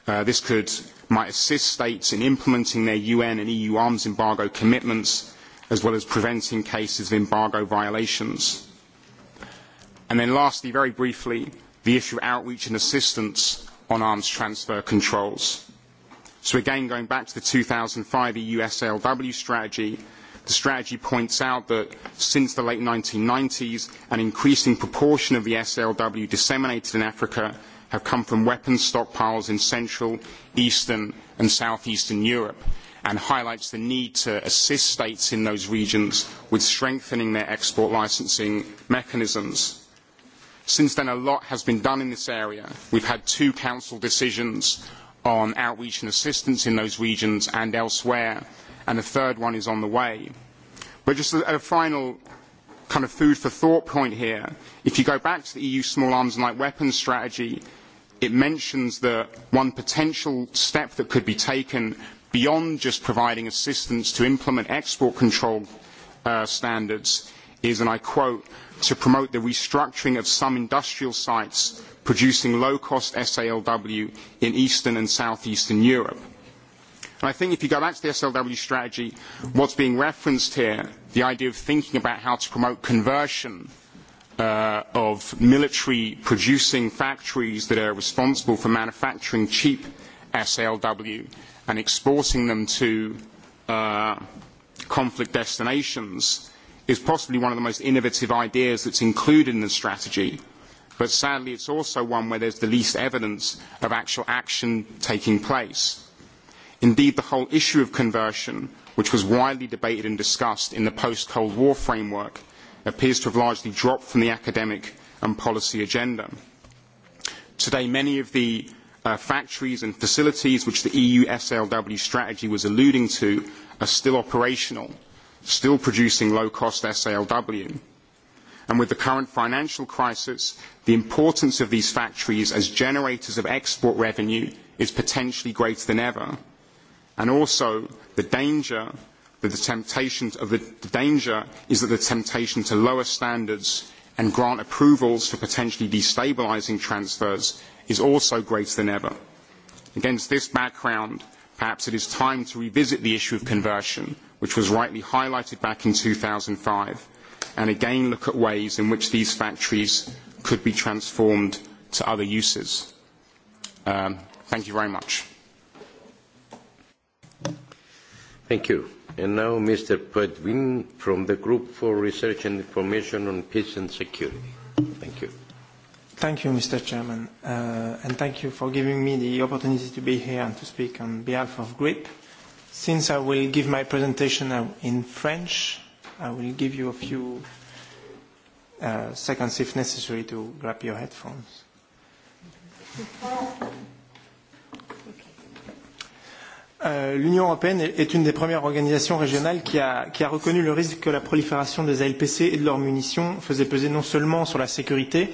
Uh, this could might assist states in implementing their UN and EU arms embargo commitments as well as preventing cases of embargo violations. And then lastly, very briefly, the issue of outreach and assistance on arms transfer controls. So again, going back to the 2005 EU SLW strategy, the strategy points out that since the late 1990s, an increasing proportion of the SLW disseminated in Africa have come from weapons stockpiles in Central, Eastern and Southeastern Europe, and highlights the need to assist states in those regions with strengthening their export licensing mechanisms. Since then, a lot has been done in this area. We've had two council decisions on outreach and assistance in those regions and elsewhere, and a third one is on the way. But just a final kind of food for thought point here. If you go back to the EU small arms and light weapons strategy, it mentions that one potential step that could be taken beyond just providing assistance to implement export control standards is, and I quote, to promote the restructuring of some industrial sites producing low-cost SALW in Eastern and Southeastern Europe. I think if you go back to the SLW strategy, what's being referenced here, the idea of thinking about how to promote conversion of military producing factories that are responsible for manufacturing cheap SLW and exporting them to conflict destinations is possibly one of the most innovative ideas that is included in the strategy. But sadly, it is also one where there is the least evidence of actual action taking place. Indeed, the whole issue of conversion, which was widely debated and discussed in the post-Cold War framework, appears to have largely dropped from the academic and policy agenda. Today, many of the factories and facilities which the EU SLW strategy was alluding to are still operational, still producing low-cost SLW. And with the current financial crisis, the importance of these factories as generators of export revenue is potentially greater than ever. And also, the danger, that the temptation of the, the danger is that the temptation to lower standards and grant approvals for potentially destabilising transfers is also greater than ever. Against this background, perhaps it is time to revisit the issue of conversion, which was rightly highlighted back in two thousand five, and again look at ways in which these factories could be transformed to other uses. thank you very much. Thank you. And now Mr. Pudwin from the Group for Research and Information on Peace and Security. Thank you. Thank you, Mr. Chairman, uh, and thank you for giving me the opportunity to be here and to speak on behalf of GRIP. Since I will give my presentation in French, I will give you a few uh, seconds, if necessary, to grab your headphones. L'Union européenne est une des premières organisations régionales qui a, qui a reconnu le risque que la prolifération des ALPC et de leurs munitions faisait peser non seulement sur la sécurité,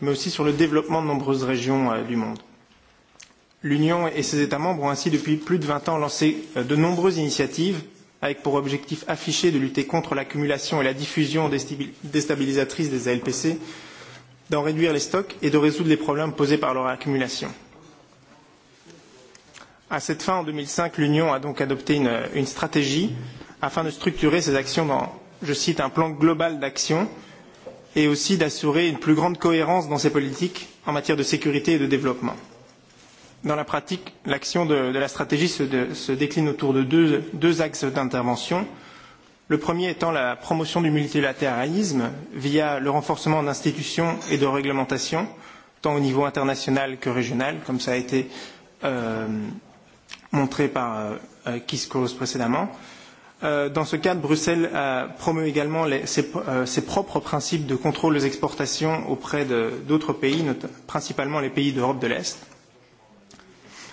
mais aussi sur le développement de nombreuses régions du monde. L'Union et ses États membres ont ainsi depuis plus de vingt ans lancé de nombreuses initiatives avec pour objectif affiché de lutter contre l'accumulation et la diffusion déstabilisatrice des ALPC, d'en réduire les stocks et de résoudre les problèmes posés par leur accumulation. À cette fin, en 2005, l'Union a donc adopté une, une stratégie afin de structurer ses actions dans, je cite, un plan global d'action et aussi d'assurer une plus grande cohérence dans ces politiques en matière de sécurité et de développement. Dans la pratique, l'action de, de la stratégie se, de, se décline autour de deux, deux axes d'intervention. Le premier étant la promotion du multilatéralisme via le renforcement d'institutions et de réglementations, tant au niveau international que régional, comme ça a été euh, montré par euh, Cross précédemment. Euh, dans ce cadre, Bruxelles promeut également ses, propres principes de contrôle des exportations auprès d'autres pays, principalement les pays d'Europe de l'Est.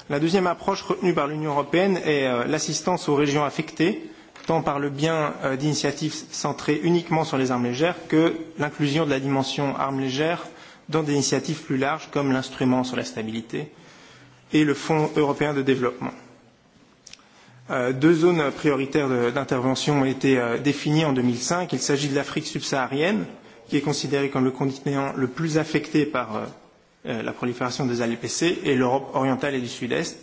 La deuxième approche retenue par l'Union européenne est l'assistance aux régions affectées, tant par le bien d'initiatives centrées uniquement sur les armes légères que l'inclusion de la dimension armes légères dans des initiatives plus larges comme l'instrument sur la stabilité et le Fonds européen de développement deux zones prioritaires d'intervention ont été définies en 2005. Il s'agit de l'Afrique subsaharienne, qui est considérée comme le continent le plus affecté par la prolifération des ALPC, et l'Europe orientale et du Sud-Est,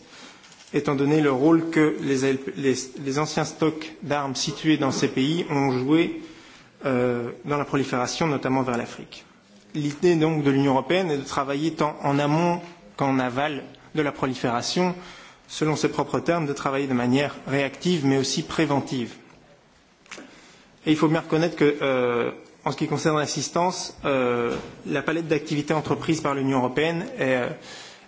étant donné le rôle que les, les, les anciens stocks d'armes situés dans ces pays ont joué euh, dans la prolifération, notamment vers l'Afrique. L'idée donc de l'Union européenne est de travailler tant en amont qu'en aval de la prolifération euh, selon ses propres termes, de travailler de manière réactive mais aussi préventive. Et il faut bien reconnaître que, euh, en ce qui concerne l'assistance, euh, la palette d'activités entreprises par l'Union européenne est,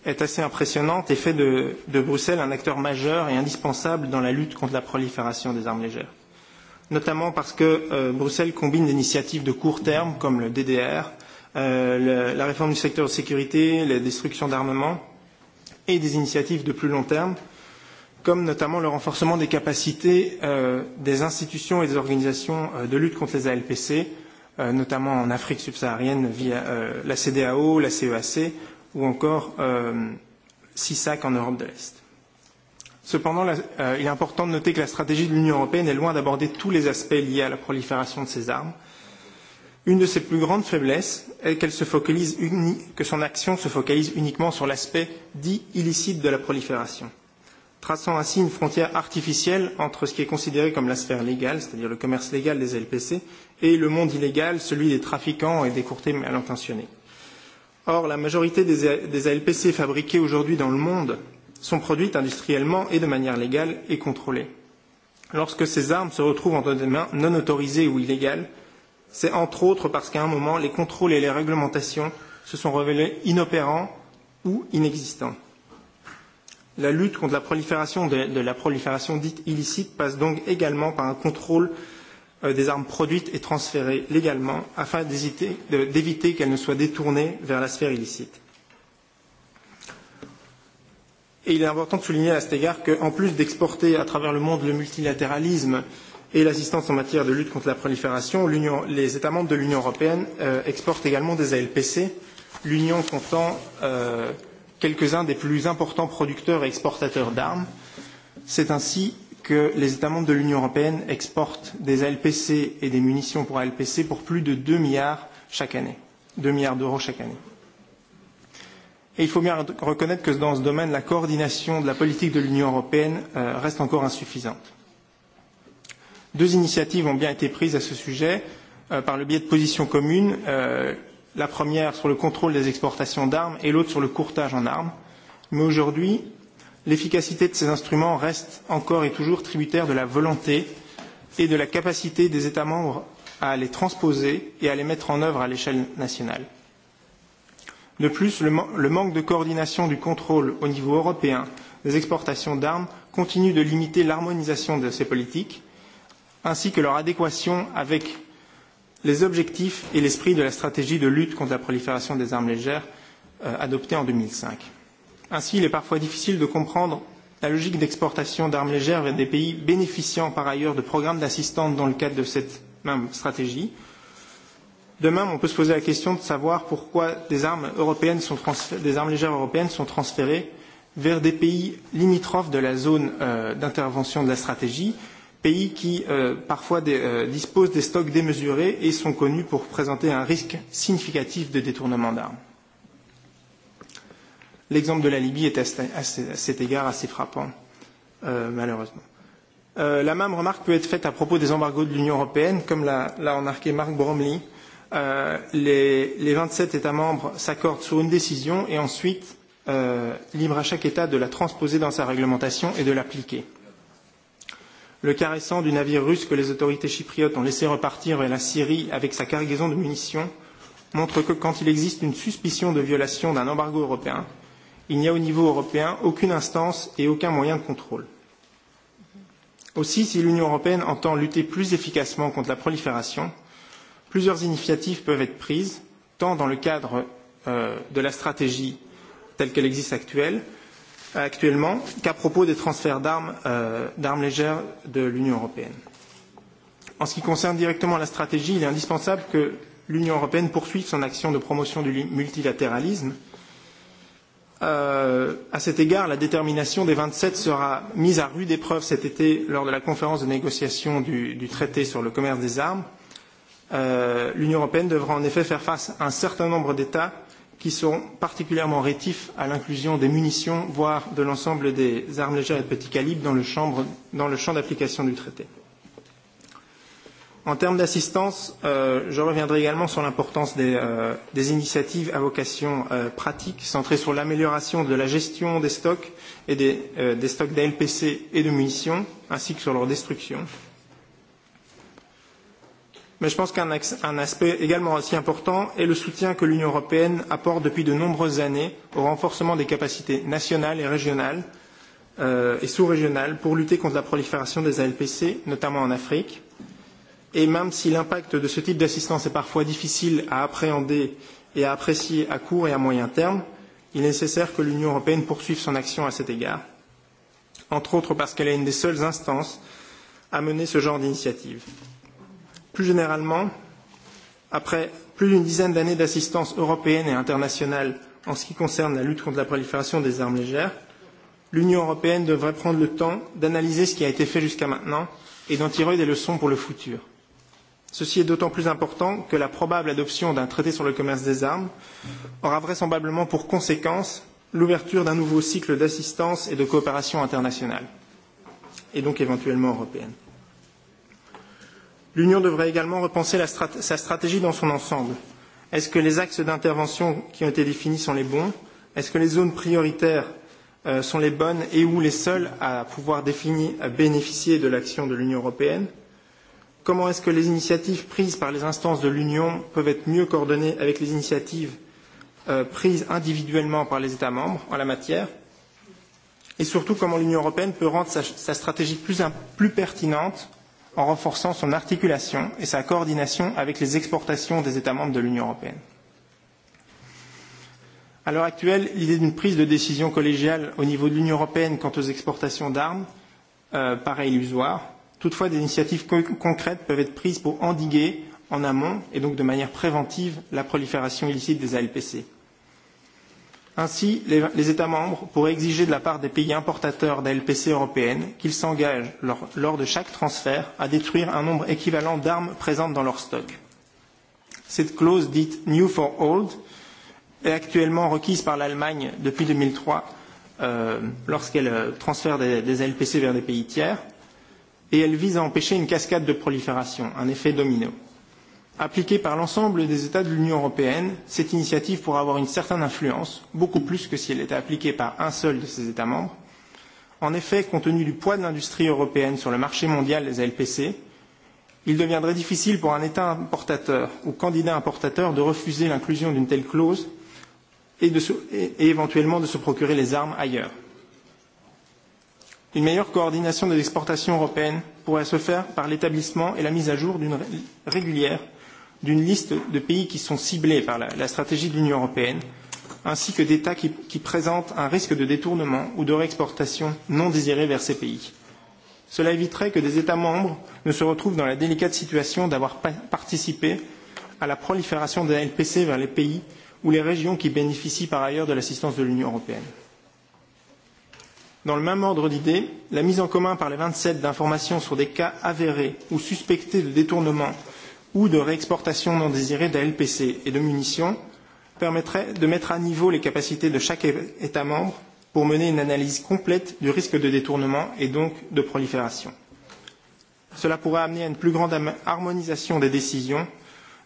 est assez impressionnante et fait de, de Bruxelles un acteur majeur et indispensable dans la lutte contre la prolifération des armes légères. Notamment parce que euh, Bruxelles combine des initiatives de court terme comme le DDR, euh, le, la réforme du secteur de sécurité, la destruction d'armement, et des initiatives de plus long terme, comme notamment le renforcement des capacités euh, des institutions et des organisations euh, de lutte contre les ALPC, euh, notamment en Afrique subsaharienne via euh, la CDAO, la CEAC ou encore euh, CISAC en Europe de l'Est. Cependant, la, euh, il est important de noter que la stratégie de l'Union européenne est loin d'aborder tous les aspects liés à la prolifération de ces armes Une de ses plus grandes faiblesses est qu'elle se focalise uni, que son action se focalise uniquement sur l'aspect dit illicite de la prolifération, traçant ainsi une frontière artificielle entre ce qui est considéré comme la sphère légale, c'est-à-dire le commerce légal des LPC, et le monde illégal, celui des trafiquants et des courtiers mal intentionnés. Or, la majorité des ALPC fabriquées aujourd'hui dans le monde sont produites industriellement et de manière légale et contrôlée. Lorsque ces armes se retrouvent entre des mains non autorisées ou illégales, C'est entre autres parce qu'à un moment, les contrôles et les réglementations se sont révélés inopérants ou inexistants. La lutte contre la prolifération de, de la prolifération dite illicite passe donc également par un contrôle des armes produites et transférées légalement afin d'éviter qu'elles ne soient détournées vers la sphère illicite. Et il est important de souligner à cet égard qu'en plus d'exporter à travers le monde le multilatéralisme, euh, et l'assistance en matière de lutte contre la prolifération, les États membres de l'Union européenne exportent également des ALPC, l'Union comptant quelques-uns des plus importants producteurs et exportateurs d'armes. C'est ainsi que les États membres de l'Union européenne exportent des ALPC et des munitions pour ALPC pour plus de 2 milliards chaque année, 2 milliards d'euros chaque année. Et il faut bien reconnaître que dans ce domaine, la coordination de la politique de l'Union européenne reste encore insuffisante. Deux initiatives ont bien été prises à ce sujet par le biais de positions communes, la première sur le contrôle des exportations d'armes et l'autre sur le courtage en armes. Mais aujourd'hui, l'efficacité de ces instruments reste encore et toujours tributaire de la volonté et de la capacité des États membres à les transposer et à les mettre en œuvre à l'échelle nationale. De plus, le manque de coordination du contrôle au niveau européen des exportations d'armes continue de limiter l'harmonisation de ces politiques ainsi que leur adéquation avec les objectifs et l'esprit de la stratégie de lutte contre la prolifération des armes légères adoptée en deux mille cinq. Ainsi, il est parfois difficile de comprendre la logique d'exportation d'armes légères vers des pays bénéficiant par ailleurs de programmes d'assistance dans le cadre de cette même stratégie. De même, on peut se poser la question de savoir pourquoi des armes, européennes sont des armes légères européennes sont transférées vers des pays limitrophes de la zone d'intervention de la stratégie pays qui euh, parfois des, euh, disposent des stocks démesurés et sont connus pour présenter un risque significatif de détournement d'armes. L'exemple de la Libye est à, à cet égard assez frappant, euh, malheureusement. Euh, la même remarque peut être faite à propos des embargos de l'Union européenne, comme l'a remarqué Marc Bromley. Euh, les, les 27 États membres s'accordent sur une décision et ensuite euh, libre à chaque État de la transposer dans sa réglementation et de l'appliquer. Euh, le cas récent du navire russe que les autorités chypriotes ont laissé repartir vers la Syrie avec sa cargaison de munitions montre que quand il existe une suspicion de violation d'un embargo européen, il n'y a au niveau européen aucune instance et aucun moyen de contrôle. Aussi, si l'Union européenne entend lutter plus efficacement contre la prolifération, plusieurs initiatives peuvent être prises, tant dans le cadre de la stratégie telle qu'elle existe actuellement, actuellement qu'à propos des transferts d'armes légères de l'Union européenne. En ce qui concerne directement la stratégie, il est indispensable que l'Union européenne poursuive son action de promotion du multilatéralisme. à cet égard, la détermination des vingt sept sera mise à rude épreuve cet été lors de la conférence de négociation du, traité sur le commerce des armes. L'Union européenne devra en effet faire face à un certain nombre d'États qui sont particulièrement rétifs à l'inclusion des munitions, voire de l'ensemble des armes légères et de petit calibre dans le, chambre, dans le champ d'application du traité. En termes d'assistance, euh, je reviendrai également sur l'importance des, euh, des initiatives à vocation euh, pratique, centrées sur l'amélioration de la gestion des stocks et des, euh, des stocks d'ALPC et de munitions, ainsi que sur leur destruction. Euh, Mais je pense qu'un aspect également aussi important est le soutien que l'Union européenne apporte depuis de nombreuses années au renforcement des capacités nationales et régionales et sous-régionales pour lutter contre la prolifération des ALPC, notamment en Afrique. Et même si l'impact de ce type d'assistance est parfois difficile à appréhender et à apprécier à court et à moyen terme, il est nécessaire que l'Union européenne poursuive son action à cet égard, entre autres parce qu'elle est une des seules instances à mener ce genre d'initiative. Plus généralement, après plus d'une dizaine d'années d'assistance européenne et internationale en ce qui concerne la lutte contre la prolifération des armes légères, l'Union européenne devrait prendre le temps d'analyser ce qui a été fait jusqu'à maintenant et d'en tirer des leçons pour le futur. Ceci est d'autant plus important que la probable adoption d'un traité sur le commerce des armes aura vraisemblablement pour conséquence l'ouverture d'un nouveau cycle d'assistance et de coopération internationale, et donc éventuellement européenne. L'Union devrait également repenser sa stratégie dans son ensemble. Est-ce que les axes d'intervention qui ont été définis sont les bons Est-ce que les zones prioritaires sont les bonnes et ou les seules à pouvoir définir, à bénéficier de l'action de l'Union européenne Comment est-ce que les initiatives prises par les instances de l'Union peuvent être mieux coordonnées avec les initiatives prises individuellement par les États membres en la matière Et surtout, comment l'Union européenne peut rendre sa, stratégie plus pertinente en renforçant son articulation et sa coordination avec les exportations des États membres de l'Union européenne. À l'heure actuelle, l'idée d'une prise de décision collégiale au niveau de l'Union européenne quant aux exportations d'armes euh, paraît illusoire. Toutefois, des initiatives co concrètes peuvent être prises pour endiguer en amont et donc de manière préventive la prolifération illicite des ALPC. Ainsi, les États membres pourraient exiger de la part des pays importateurs d'ALPC européennes qu'ils s'engagent, lors, de chaque transfert, à détruire un nombre équivalent d'armes présentes dans leur stock. Cette clause dite New for Old est actuellement requise par l'Allemagne depuis deux mille trois lorsqu'elle transfère des, LPC vers des pays tiers et elle vise à empêcher une cascade de prolifération, un effet domino appliquée par l'ensemble des États de l'Union européenne, cette initiative pourra avoir une certaine influence, beaucoup plus que si elle était appliquée par un seul de ses États membres. En effet, compte tenu du poids de l'industrie européenne sur le marché mondial des LPC, il deviendrait difficile pour un État importateur ou candidat importateur de refuser l'inclusion d'une telle clause et, de se, et, et éventuellement de se procurer les armes ailleurs. Une meilleure coordination des exportations européennes pourrait se faire par l'établissement et la mise à jour d'une régulière d'une liste de pays qui sont ciblés par la, la stratégie de l'Union européenne, ainsi que d'États qui, qui présentent un risque de détournement ou de réexportation non désirée vers ces pays. Cela éviterait que des États membres ne se retrouvent dans la délicate situation d'avoir participé à la prolifération des LPC vers les pays ou les régions qui bénéficient par ailleurs de l'assistance de l'Union européenne. Dans le même ordre d'idées, la mise en commun par les 27 d'informations sur des cas avérés ou suspectés de détournement ou de réexportation non désirée de LPC et de munitions permettrait de mettre à niveau les capacités de chaque État membre pour mener une analyse complète du risque de détournement et donc de prolifération. Cela pourrait amener à une plus grande harmonisation des décisions,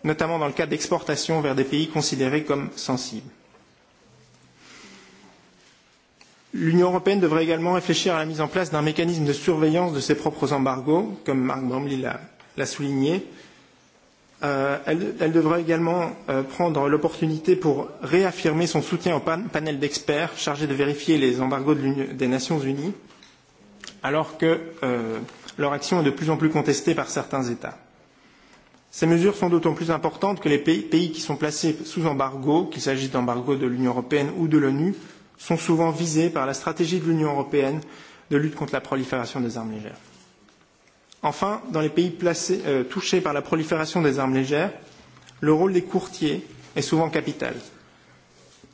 notamment dans le cas d'exportation vers des pays considérés comme sensibles. L'Union européenne devrait également réfléchir à la mise en place d'un mécanisme de surveillance de ses propres embargos, comme Marc Bromley l'a souligné, Euh, elle, elle devra également euh, prendre l'opportunité pour réaffirmer son soutien au pan panel d'experts chargé de vérifier les embargos de des Nations Unies, alors que euh, leur action est de plus en plus contestée par certains États. Ces mesures sont d'autant plus importantes que les pays, pays qui sont placés sous embargo, qu'il s'agisse d'embargos de l'Union européenne ou de l'ONU, sont souvent visés par la stratégie de l'Union européenne de lutte contre la prolifération des armes légères. Enfin, dans les pays placés, euh, touchés par la prolifération des armes légères, le rôle des courtiers est souvent capital.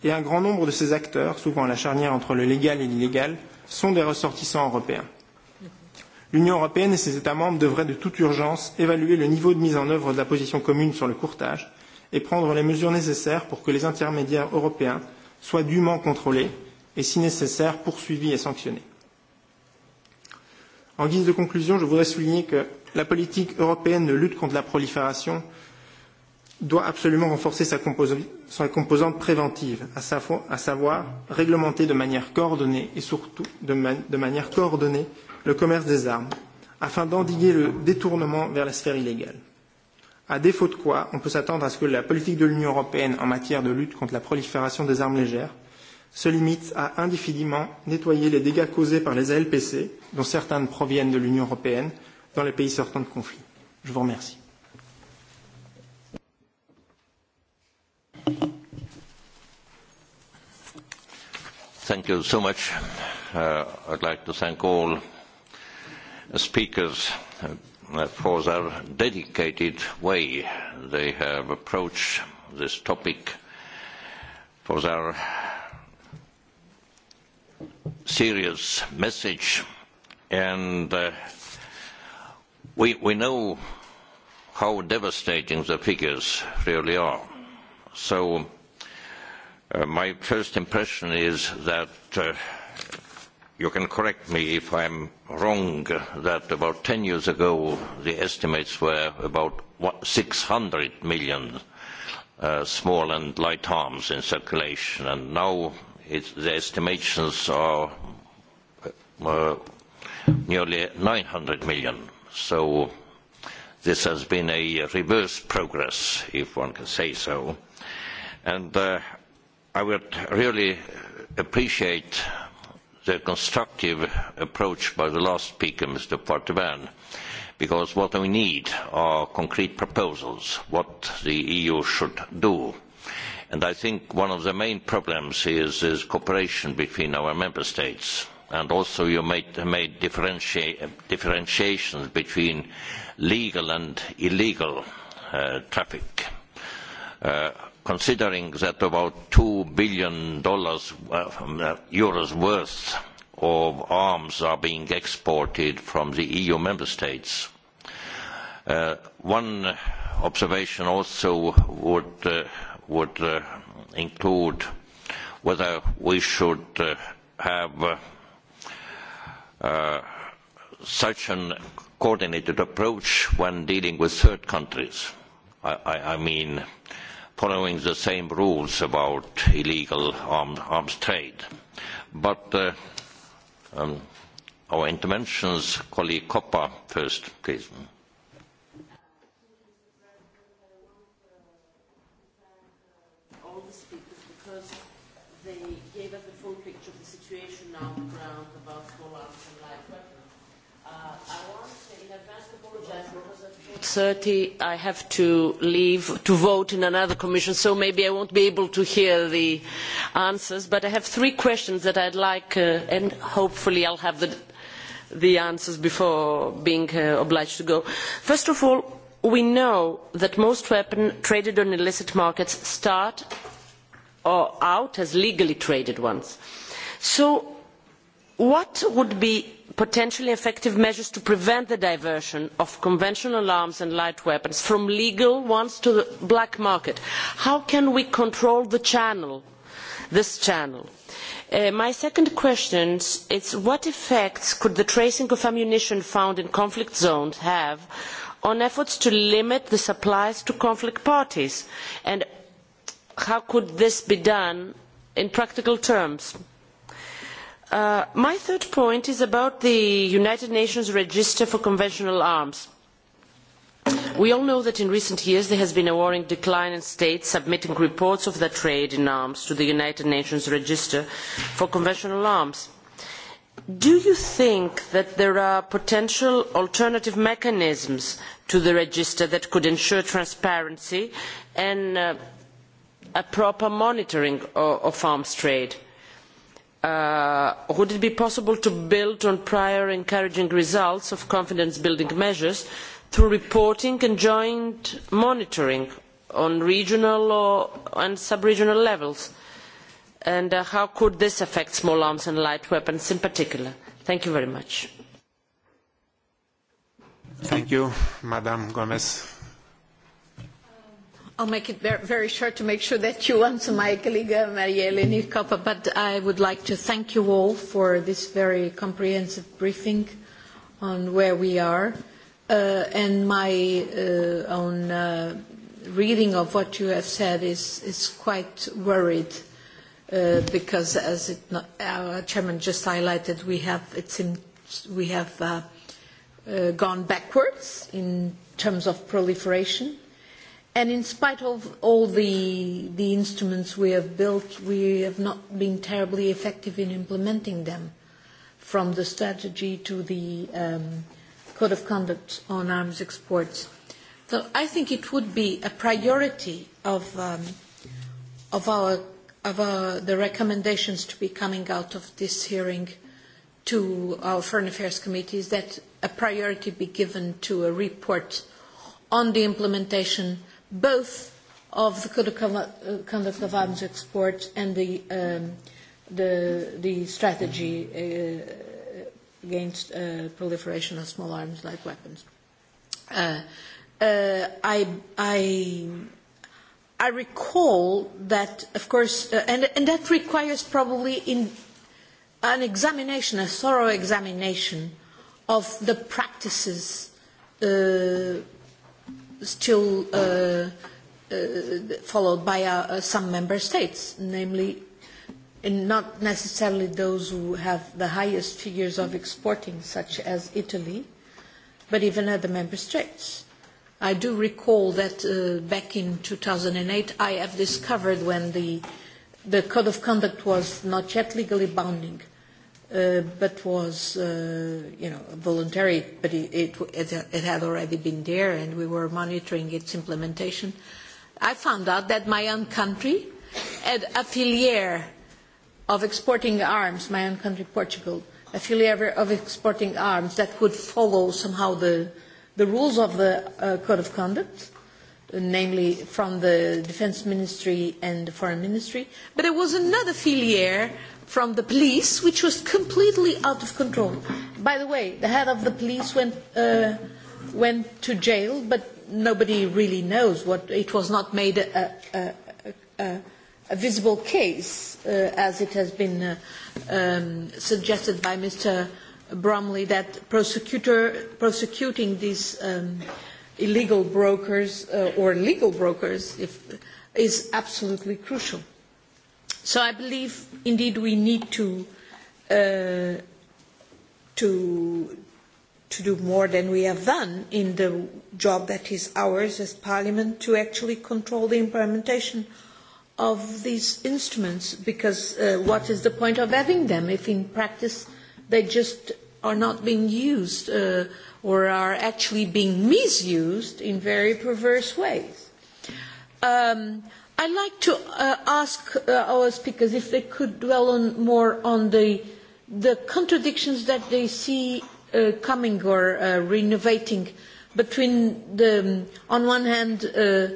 Et un grand nombre de ces acteurs, souvent à la charnière entre le légal et l'illégal, sont des ressortissants européens. L'Union européenne et ses États membres devraient de toute urgence évaluer le niveau de mise en œuvre de la position commune sur le courtage et prendre les mesures nécessaires pour que les intermédiaires européens soient dûment contrôlés et, si nécessaire, poursuivis et sanctionnés. En guise de conclusion, je voudrais souligner que la politique européenne de lutte contre la prolifération doit absolument renforcer sa composante, préventive, à, savoir réglementer de manière coordonnée et surtout de, manière coordonnée le commerce des armes, afin d'endiguer le détournement vers la sphère illégale. À défaut de quoi, on peut s'attendre à ce que la politique de l'Union européenne en matière de lutte contre la prolifération des armes légères se limite à indéfiniment nettoyer les dégâts causés par les ALPC, dont certaines proviennent de l'Union européenne, dans les pays sortants de conflit. Je vous remercie. Thank you so much. Uh, I'd like to thank all speakers for their dedicated way they have approached this topic, for their serious message, and we, we know how devastating the figures really are. So my first impression is that you can correct me if I'm wrong, that about 10 years ago the estimates were about 600 million small and light arms in circulation, and now it, the estimations are uh, nearly 900 million. So this has been a reverse progress, if one can say so. And uh, I would really appreciate the constructive approach by the last speaker, Mr. Portaban, because what we need are concrete proposals, what the EU should do I think one of the main problems is, cooperation between our member states. And also you made, differentiations between legal and illegal traffic. considering that about two billion euros worth of arms are being exported from the EU member states, one observation also would would include whether we should have such a coordinated approach when dealing with third countries. I, mean, following the same rules about illegal arms trade. But our interventions, colleague Koppa first, please. thirty I have to leave to vote in another commission, so maybe I will not be able to hear the answers. But I have three questions that I would like, and hopefully I will have the, the answers before being obliged to go. First of all, we know that most weapons traded on illicit markets start out as legally traded ones. So what would be potentially effective measures to prevent the diversion of conventional arms and light weapons from legal ones to the black market? How can we control the channel, this channel? my second question is what effects could the tracing of ammunition found in conflict zones have on efforts to limit the supplies to conflict parties and how could this be done in practical terms? my third point is about the united nations register for conventional arms. we all know that in recent years there has been a worrying decline in states submitting reports of their trade in arms to the united nations register for conventional arms. do you think that there are potential alternative mechanisms to the register that could ensure transparency and a proper monitoring of arms trade? would it be possible to build on prior encouraging results of confidence building measures through reporting and joint monitoring at regional and sub regional levels? And how could this affect small arms and light weapons in particular? Thank you very much. I'll make it very short to make sure that you answer my colleague, Maria-Eleni but I would like to thank you all for this very comprehensive briefing on where we are. and my own reading of what you have said is, is quite worried because, as it our chairman just highlighted, we have, it we have gone backwards in terms of proliferation And in spite of all the, the instruments we have built, we have not been terribly effective in implementing them, from the strategy to the um, code of conduct on arms exports. So I think it would be a priority of, um, of, our, of our, the recommendations to be coming out of this hearing to our Foreign Affairs Committee is that a priority be given to a report on the implementation both of the code of conduct of arms export and the um, the the strategy uh, against uh, proliferation of small arms like weapons. Uh, uh, I I. I recall that, of course, uh, and, and that requires probably in an examination, a thorough examination of the practices uh, still uh, uh, followed by uh, some member states, namely and not necessarily those who have the highest figures of exporting, such as Italy, but even other member states. I do recall that uh, back in 2008, I have discovered when the, the Code of Conduct was not yet legally bounding but was uh, you know voluntary, but it, it it had already been there, and we were monitoring its implementation. I found out that my own country had a filiere of exporting arms, my own country, Portugal, a filiere of exporting arms that would follow somehow the the rules of the uh, code of conduct, namely from the defense ministry and the foreign ministry. But there was another filiere from the police, which was completely out of control. By the way, the head of the police went, uh, went to jail, but nobody really knows what it was not made a, a, a, a visible case, uh, as it has been uh, um, suggested by Mr. Bromley, that prosecutor, prosecuting these um, illegal brokers uh, or legal brokers if, is absolutely crucial So I believe indeed we need to uh, to to do more than we have done in the job that is ours as Parliament to actually control the implementation of these instruments because uh, what is the point of having them if in practice they just are not being used uh, or are actually being misused in very perverse ways. Um, I'd like to uh, ask uh, our speakers if they could dwell on more on the the contradictions that they see uh, coming or uh, renovating between the, on one hand, uh,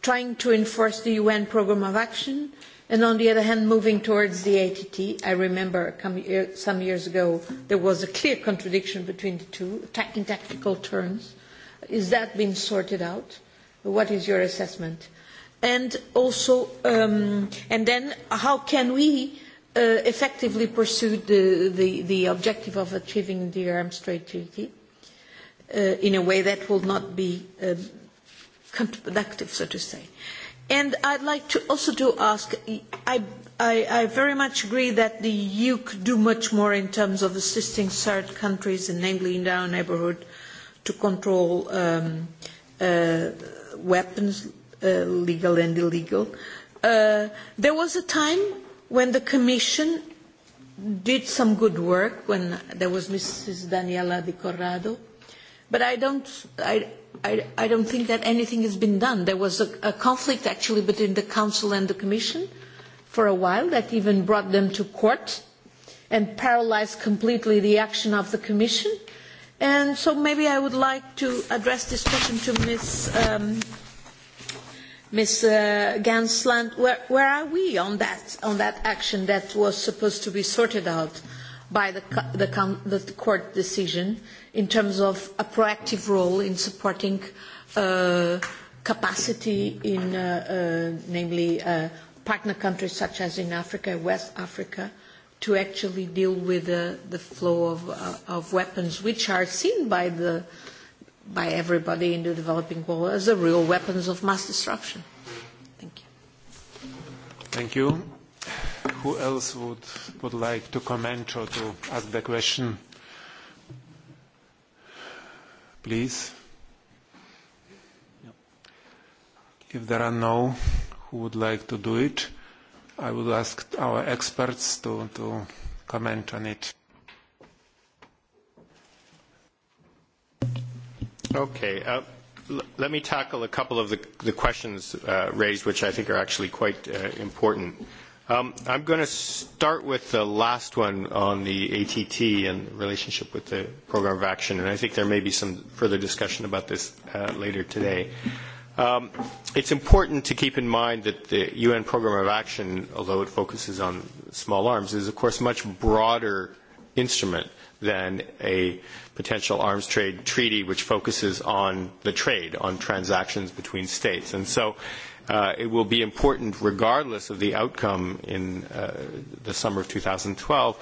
trying to enforce the UN Programme of Action, and on the other hand, moving towards the ATT. I remember some years ago there was a clear contradiction between the two in tactical terms. Is that been sorted out? What is your assessment? Uh, and also and then how can we effectively pursue the, the, the objective of achieving the arms trade treaty in a way that will not be counterproductive, so to say. And I'd like to also to ask, I, I, I very much agree that the EU could do much more in terms of assisting third countries, and namely in our neighbourhood, to control um, uh, weapons legal and illegal. there was a time when the Commission did some good work when there was Mrs. Daniela Di Corrado, but I don't, I, I, I don't think that anything has been done. There was a, a conflict actually between the Council and the Commission for a while that even brought them to court and paralysed completely the action of the Commission. And so maybe I would like to address this question to Ms. Um, Ms. Gansland, where, are we on that, on that action that was supposed to be sorted out by the, the, the court decision in terms of a proactive role in supporting capacity in, namely, partner countries such as in Africa, West Africa, to actually deal with the, the flow of, of weapons, which are seen by the by everybody in the developing world as the real weapons of mass destruction. Thank you. Thank you. Who else would, would like to comment or to ask the question? Please. If there are no who would like to do it, I will ask our experts to, to comment on it. Okay. Uh, let me tackle a couple of the, the questions uh, raised, which I think are actually quite uh, important. Um, I'm going to start with the last one on the ATT and relationship with the program of action, and I think there may be some further discussion about this uh, later today. Um, it's important to keep in mind that the UN program of action, although it focuses on small arms, is of course a much broader instrument than a potential arms trade treaty, which focuses on the trade, on transactions between states. And so uh, it will be important, regardless of the outcome in uh, the summer of 2012,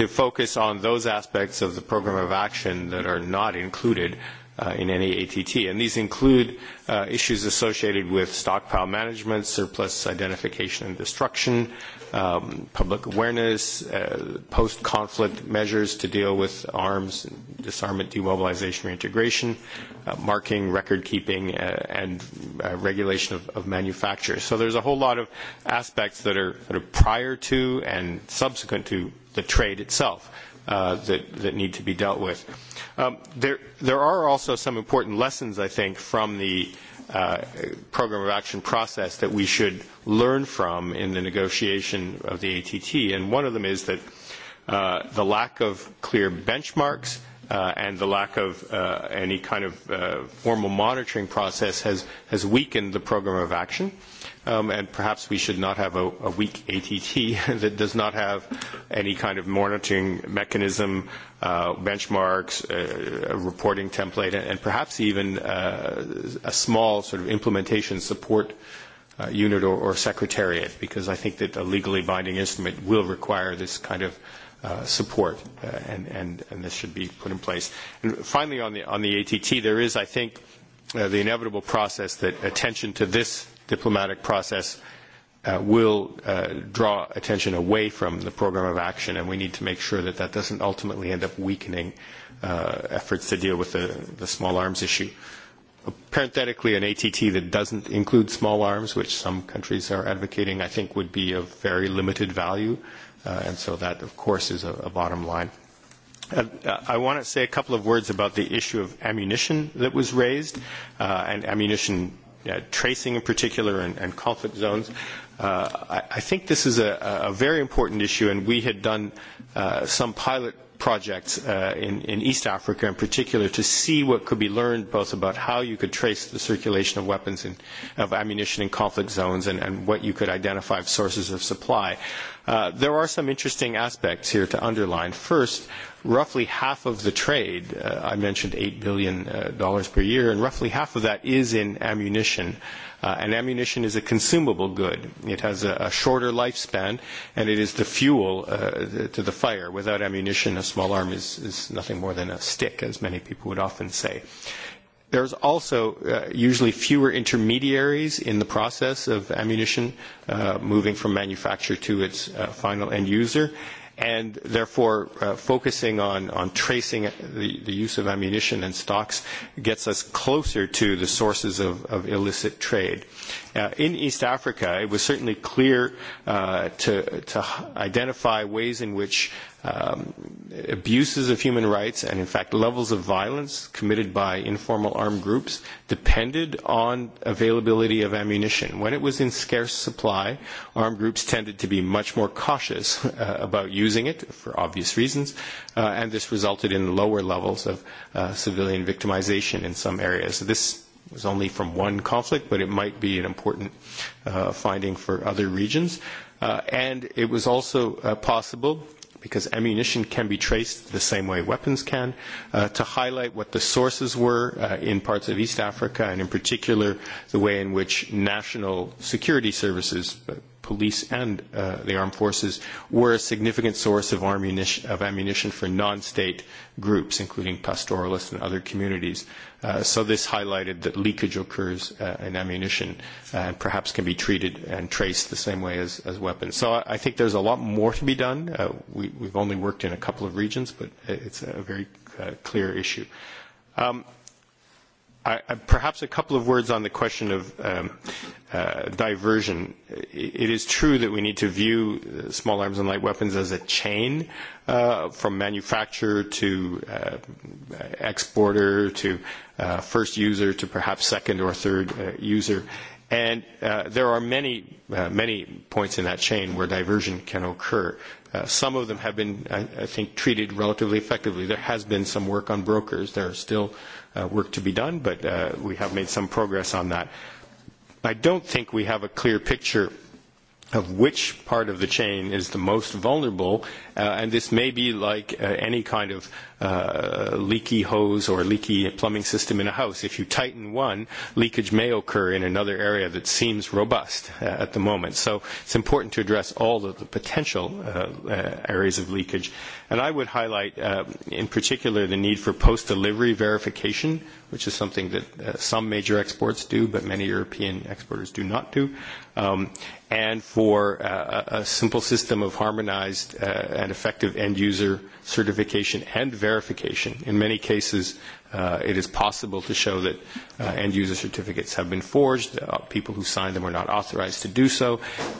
to focus on those aspects of the program of action that are not included uh, uh, in any ATT. And these include uh, issues associated with stockpile management, surplus identification and destruction, um, public awareness, uh, post-conflict measures to deal with arms, disarmament, demobilization, reintegration, uh, marking, record keeping, uh, and uh, regulation of, of manufacture. So there's a whole lot of aspects that are, that are prior to and subsequent to the trade itself uh, that, that need to be dealt with. Um, there, there are also some important lessons, I think, from the uh, program of action process that we should learn from in the negotiation of the ATT. And one of them is that uh, the lack of clear benchmarks uh, and the lack of uh, any kind of uh, formal monitoring process has, has weakened the program of action. Uh, um, and perhaps we should not have a, a weak ATT that does not have any kind of monitoring mechanism, uh, benchmarks, uh, a reporting template, and, perhaps even uh, a small sort of implementation support uh, unit or, or secretariat, because I think that a legally binding instrument will require this kind of uh, support, uh, and, and, and this should be put in place. And finally, on the, on the ATT, there is, I think, uh, the inevitable process that attention to this diplomatic process will draw attention away from the program of action, and we need to make sure that that doesn't ultimately end up weakening efforts to deal with the, the small arms issue. Parenthetically, an ATT that doesn't include small arms, which some countries are advocating, I think would be of very limited value, uh, and so that, of course, is a, a bottom line. I want to say a couple of words about the issue of ammunition that was raised, uh, and ammunition tracing in particular and, and conflict zones. Uh, I, I think this is a, a very important issue, and we had done uh, some pilot projects uh, in, in East Africa in particular to see what could be learned both about how you could trace the circulation of weapons and of ammunition in conflict zones and, and what you could identify of sources of supply. Uh, there are some interesting aspects here to underline. First, roughly half of the trade, uh, I mentioned $8 billion uh, per year, and roughly half of that is in ammunition. Uh, and ammunition is a consumable good. It has a, a shorter lifespan, and it is the fuel uh, to the fire. Without ammunition, a small arm is, is nothing more than a stick, as many people would often say. There's also uh, usually fewer intermediaries in the process of ammunition uh, moving from manufacturer to its uh, final end user, and therefore uh, focusing on, on tracing the, the use of ammunition and stocks gets us closer to the sources of, of illicit trade. Uh, in East Africa, it was certainly clear uh, to, to identify ways in which abuses of human rights and, in fact, levels of violence committed by informal armed groups depended on availability of ammunition. When it was in scarce supply, armed groups tended to be much more cautious uh, about using it for obvious reasons, uh, and this resulted in lower levels of uh, civilian victimization in some areas. This was only from one conflict, but it might be an important uh, finding for other regions. Uh, and it was also uh, possible because ammunition can be traced the same way weapons can, uh, to highlight what the sources were uh, in parts of East Africa, and in particular the way in which national security services, police and uh, the armed forces, were a significant source of ammunition, of ammunition for non-state groups, including pastoralists and other communities so this highlighted that leakage occurs uh, in ammunition and perhaps can be treated and traced the same way as, as weapons. So I, I think there's a lot more to be done. Uh, we, we've only worked in a couple of regions, but it's a very uh, clear issue. Um, Perhaps a couple of words on the question of diversion. It is true that we need to view small arms and light weapons as a chain from manufacturer to exporter to first user to perhaps second or third user. And there are many, many points in that chain where diversion can occur. Some of them have been, I think, treated relatively effectively. There has been some work on brokers. There are still uh, work to be done, but uh, we have made some progress on that. I don't think we have a clear picture of which part of the chain is the most vulnerable, uh, and this may be like uh, any kind of uh, leaky hose or leaky plumbing system in a house. If you tighten one, leakage may occur in another area that seems robust uh, at the moment. So it's important to address all of the potential uh, uh, areas of leakage. And I would highlight uh, in particular the need for post-delivery verification, which is something that uh, some major exports do, but many European exporters do not do. Um, and for uh, a simple system of harmonized uh, and effective end user certification and verification verification. In many cases, uh, it is possible to show that uh, end user certificates have been forged. Uh, people who signed them are not authorized to do so.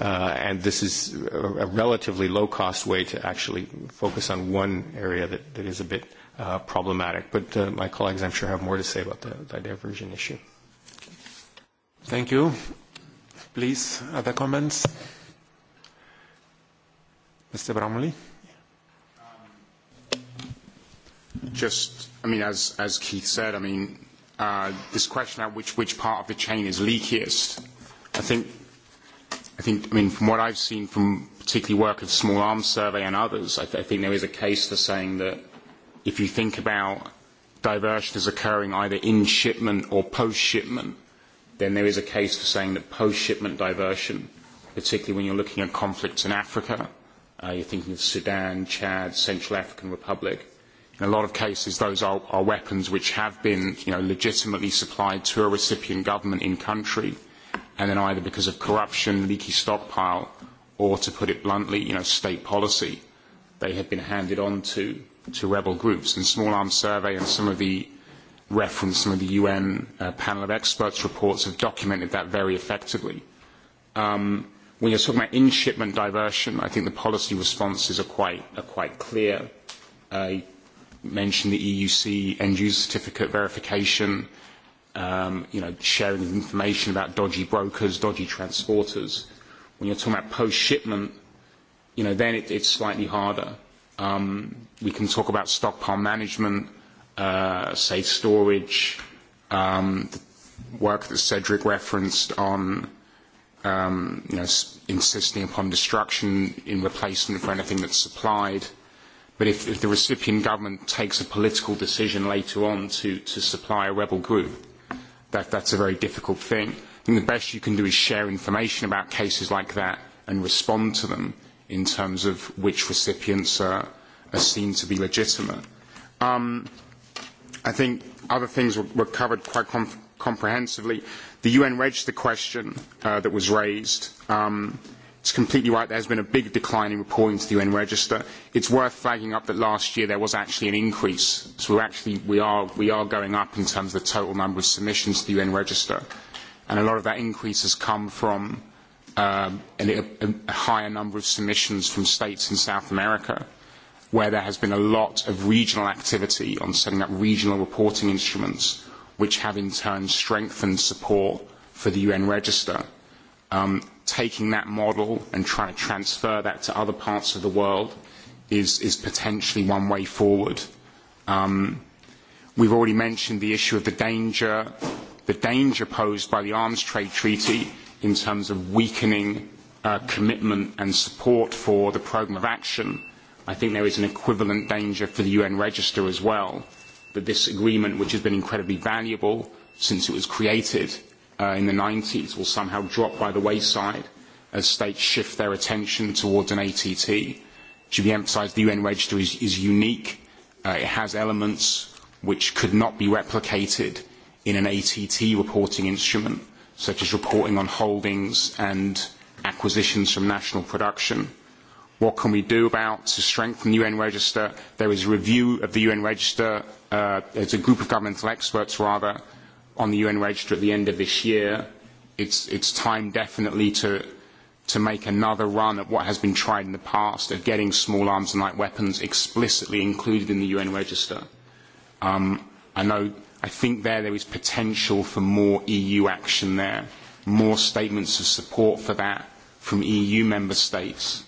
Uh, and this is a, a relatively low cost way to actually focus on one area that, that is a bit uh, problematic. But uh, my colleagues, I'm sure, have more to say about the, the diversion issue. Thank you. Please, other comments? Mr. Bramley? Just, I mean, as, as Keith said, I mean, uh, this question about which, which part of the chain is leakiest, I think, I think, I mean, from what I've seen from particularly work of Small Arms Survey and others, I, th- I think there is a case for saying that if you think about diversion as occurring either in shipment or post shipment, then there is a case for saying that post shipment diversion, particularly when you're looking at conflicts in Africa, uh, you're thinking of Sudan, Chad, Central African Republic, In a lot of cases, those are, are weapons which have been you know, legitimately supplied to a recipient government in country, and then either because of corruption, leaky stockpile, or to put it bluntly, you know, state policy, they have been handed on to, to rebel groups. And Small Arms Survey and some of the reference, some of the UN uh, panel of experts reports have documented that very effectively. Um, when you're talking about in-shipment diversion, I think the policy responses are quite, are quite clear. Uh, mention the EUC end user certificate verification, um, you know, sharing of information about dodgy brokers, dodgy transporters. When you're talking about post-shipment, you know, then it, it's slightly harder. Um, we can talk about stockpile management, uh, safe storage, um, the work that Cedric referenced on um, you know, insisting upon destruction in replacement for anything that's supplied – But if, if the recipient government takes a political decision later on to, to supply a rebel group, that, that's a very difficult thing. I think the best you can do is share information about cases like that and respond to them in terms of which recipients are, are seen to be legitimate. Um, I think other things were, were covered quite comprehensively. The UN register question uh, that was raised. Um, It's completely right. There's been a big decline in reporting to the UN Register. It's worth flagging up that last year there was actually an increase. So we're actually, we, are, we are going up in terms of the total number of submissions to the UN Register. And a lot of that increase has come from um, a, a higher number of submissions from states in South America, where there has been a lot of regional activity on setting up regional reporting instruments, which have in turn strengthened support for the UN Register. Um, taking that model and trying to transfer that to other parts of the world is, is potentially one way forward. Um, we've already mentioned the issue of the danger, the danger posed by the arms trade treaty in terms of weakening uh, commitment and support for the program of action. I think there is an equivalent danger for the UN register as well, that this agreement, which has been incredibly valuable since it was created, uh, in the 90s will somehow drop by the wayside as states shift their attention towards an ATT. It should be emphasised the UN register is, is unique. Uh, it has elements which could not be replicated in an ATT reporting instrument, such as reporting on holdings and acquisitions from national production. What can we do about to strengthen the UN register? There is a review of the UN register. Uh, there's a group of governmental experts, rather, on the UN register at the end of this year. It's, it's time definitely to, to make another run at what has been tried in the past of getting small arms and light weapons explicitly included in the UN register. Um, I know, I think there there is potential for more EU action there, more statements of support for that from EU member states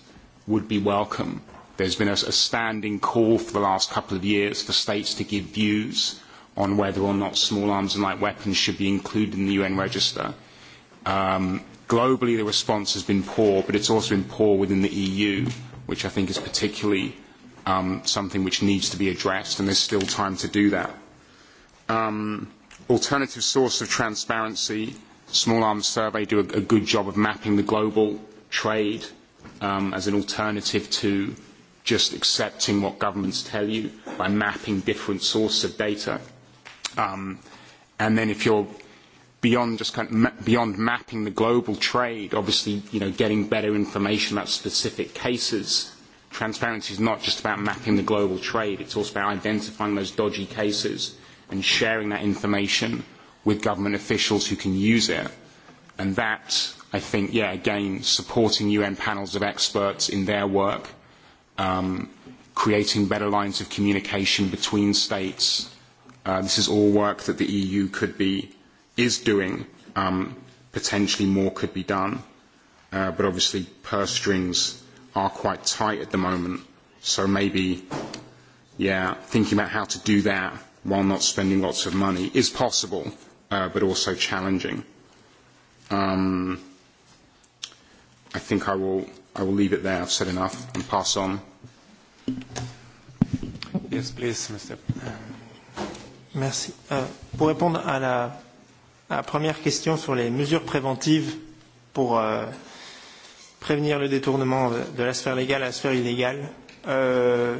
would be welcome. There's been a, a standing call for the last couple of years for states to give views on whether or not small arms and light weapons should be included in the UN register. Um, globally, the response has been poor, but it's also been poor within the EU, which I think is particularly um, something which needs to be addressed, and there's still time to do that. Um, alternative source of transparency, Small Arms Survey do a, a good job of mapping the global trade um, as an alternative to just accepting what governments tell you by mapping different sources of data Um, and then if you're beyond just kind of beyond mapping the global trade, obviously, you know, getting better information about specific cases. Transparency is not just about mapping the global trade; it's also about identifying those dodgy cases and sharing that information with government officials who can use it. And that, I think, yeah, again, supporting UN panels of experts in their work, um, creating better lines of communication between states this is all work that the EU could be is doing. potentially more could be done, but obviously purse strings are quite tight at the moment. So maybe, yeah, thinking about how to do that while not spending lots of money is possible, but also challenging. Um, I think I will I will leave it there. I've said enough and pass on. Yes, please, Mr. Merci. Euh, pour répondre à la, à la première question sur les mesures préventives pour euh, prévenir le détournement de la sphère légale à la sphère illégale, euh,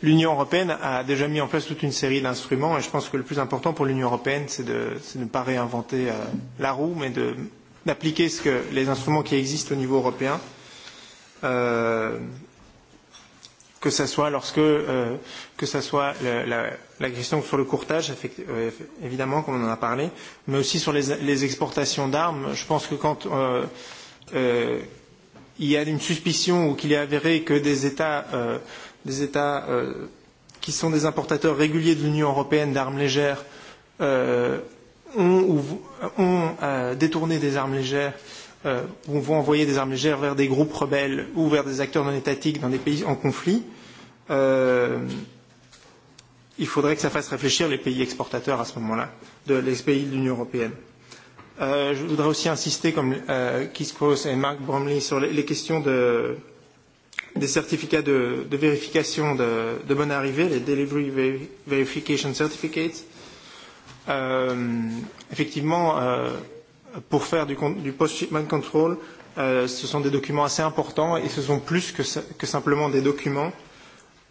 l'Union européenne a déjà mis en place toute une série d'instruments et je pense que le plus important pour l'Union européenne, c'est de, de ne pas réinventer euh, la roue, mais d'appliquer les instruments qui existent au niveau européen. Euh, que ce soit lorsque euh, que ce soit la, la, la question sur le courtage, évidemment, comme on en a parlé, mais aussi sur les, les exportations d'armes. Je pense que quand euh, euh, il y a une suspicion ou qu'il est avéré que des États, euh, des États euh, qui sont des importateurs réguliers de l'Union européenne d'armes légères euh, ont, ou, ont euh, détourné des armes légères euh, euh, veut envoyer des armes légères vers des groupes rebelles ou vers des acteurs non étatiques dans des pays en conflit, euh, il faudrait que ça fasse réfléchir les pays exportateurs à ce moment-là, de, les pays de l'Union européenne. Euh, je voudrais aussi insister, comme euh, Keith Cross et Mark Bromley, sur les, les questions de, des certificats de, de vérification de, de bonne arrivée, les Delivery Verification Certificates. Euh, effectivement, euh, pour faire du, du post-shipment control, euh, ce sont des documents assez importants et ce sont plus que, que simplement des documents.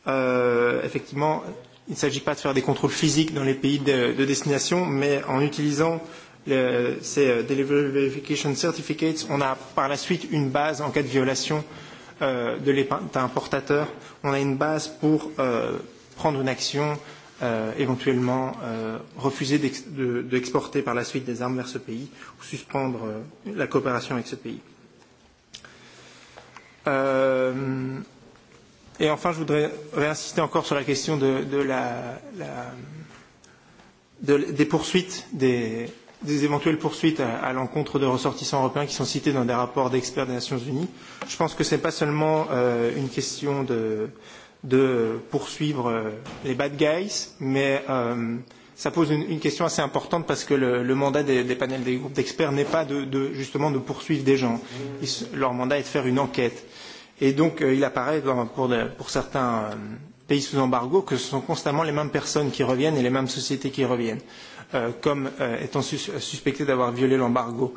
Euh, effectivement, il ne s'agit pas de faire des contrôles physiques dans les pays de, de destination, mais en utilisant le, ces Delivery Verification Certificates, on a par la suite une base en cas de violation euh, de importateur. On a une base pour euh, prendre une action euh, éventuellement euh, refuser d'exporter de, par la suite des armes vers ce pays ou suspendre euh, la coopération avec ce pays. Euh, et enfin, je voudrais réinsister encore sur la question de, de la, la, de, des poursuites, des, des éventuelles poursuites à, à l'encontre de ressortissants européens qui sont cités dans des rapports d'experts des Nations Unies. Je pense que ce n'est pas seulement euh, une question de, euh, de poursuivre les bad guys, mais euh, ça pose une, une question assez importante parce que le, le mandat des, des panels des groupes d'experts n'est pas de, de, justement de poursuivre des gens. Ils, leur mandat est de faire une enquête. Et donc euh, il apparaît dans, pour, de, pour certains euh, pays sous embargo que ce sont constamment les mêmes personnes qui reviennent et les mêmes sociétés qui reviennent, euh, comme euh, étant sus suspectées d'avoir violé l'embargo.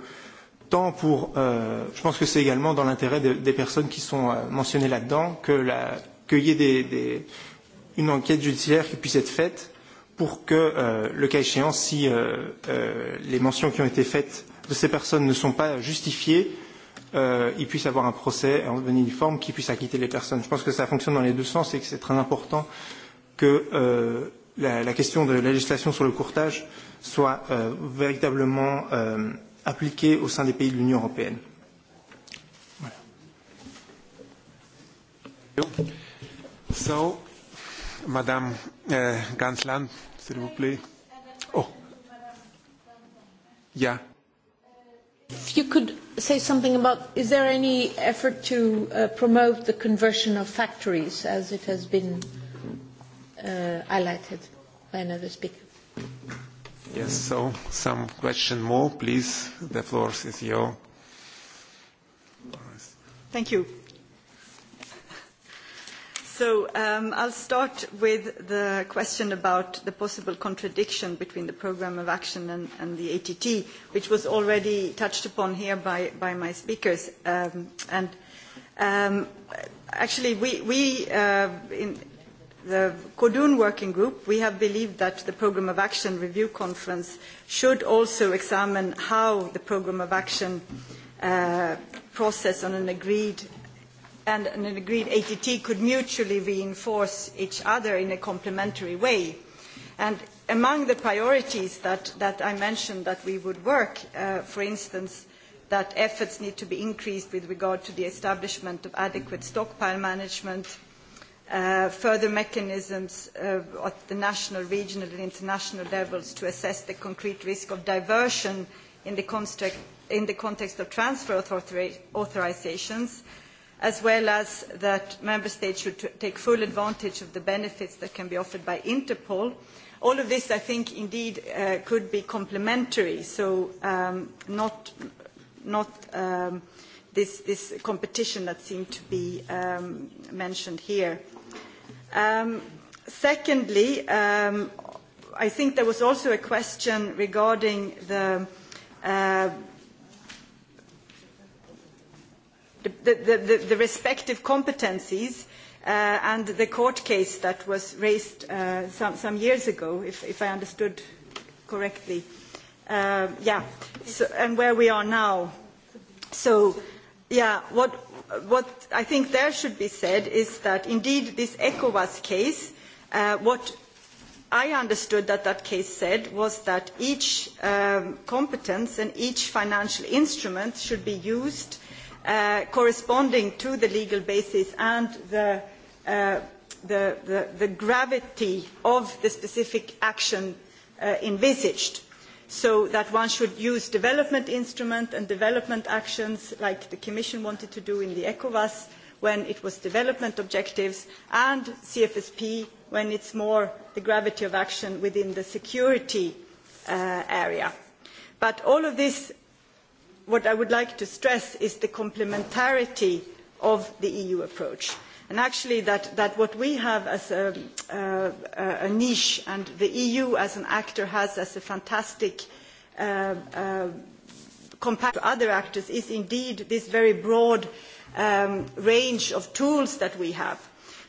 Tant pour, euh, je pense que c'est également dans l'intérêt de, des personnes qui sont euh, mentionnées là-dedans que la, qu'il y ait des, des, une enquête judiciaire qui puisse être faite pour que, euh, le cas échéant, si euh, euh, les mentions qui ont été faites de ces personnes ne sont pas justifiées, euh, il puisse avoir un procès en devenir uniforme qui puisse acquitter les personnes. Je pense que ça fonctionne dans les deux sens et que c'est très important que euh, la, la question de la législation sur le courtage soit euh, véritablement euh, appliquée au sein des pays de l'Union européenne. Voilà. So, Madame euh, Gansland, s'il vous plaît. Oh. Yeah. If you could say something about, is there any effort to uh, promote the conversion of factories as it has been uh, highlighted by another speaker? Yes, so some question more, please. The floor is yours. Thank you So um, I'll start with the question about the possible contradiction between the programme of action and, and the ATT, which was already touched upon here by, by my speakers. Um, and um, actually, we, we uh, in the Kodun Working Group, we have believed that the Programme of Action Review Conference should also examine how the Programme of Action process on an agreed and an agreed ATT could mutually reinforce each other in a complementary way. And among the priorities that, I mentioned that we would work, for instance, that efforts need to be increased with regard to the establishment of adequate stockpile management, further mechanisms at the national, regional and international levels to assess the concrete risk of diversion in the, context of transfer authorisations, as well as that member states should take full advantage of the benefits that can be offered by Interpol. All of this, I think, indeed could be complementary, so not, this, competition that seemed to be mentioned here. secondly, I think there was also a question regarding the the, respective competencies and the court case that was raised some, some years ago, if, if I understood correctly, yeah, so, and where we are now. So, yeah, what, what I think there should be said is that indeed this ECOWAS case, what I understood that that case said was that each competence and each financial instrument should be used corresponding to the legal basis and the, gravity of the specific action envisaged so that one should use development instruments and development actions like the Commission wanted to do in the ECOWAS when it was development objectives and CFSP when it is more the gravity of action within the security area. But all of this what I would like to stress is the complementarity of the EU approach. And actually that, what we have as a, niche and the EU as an actor has as a fantastic compared to other actors is indeed this very broad range of tools that we have.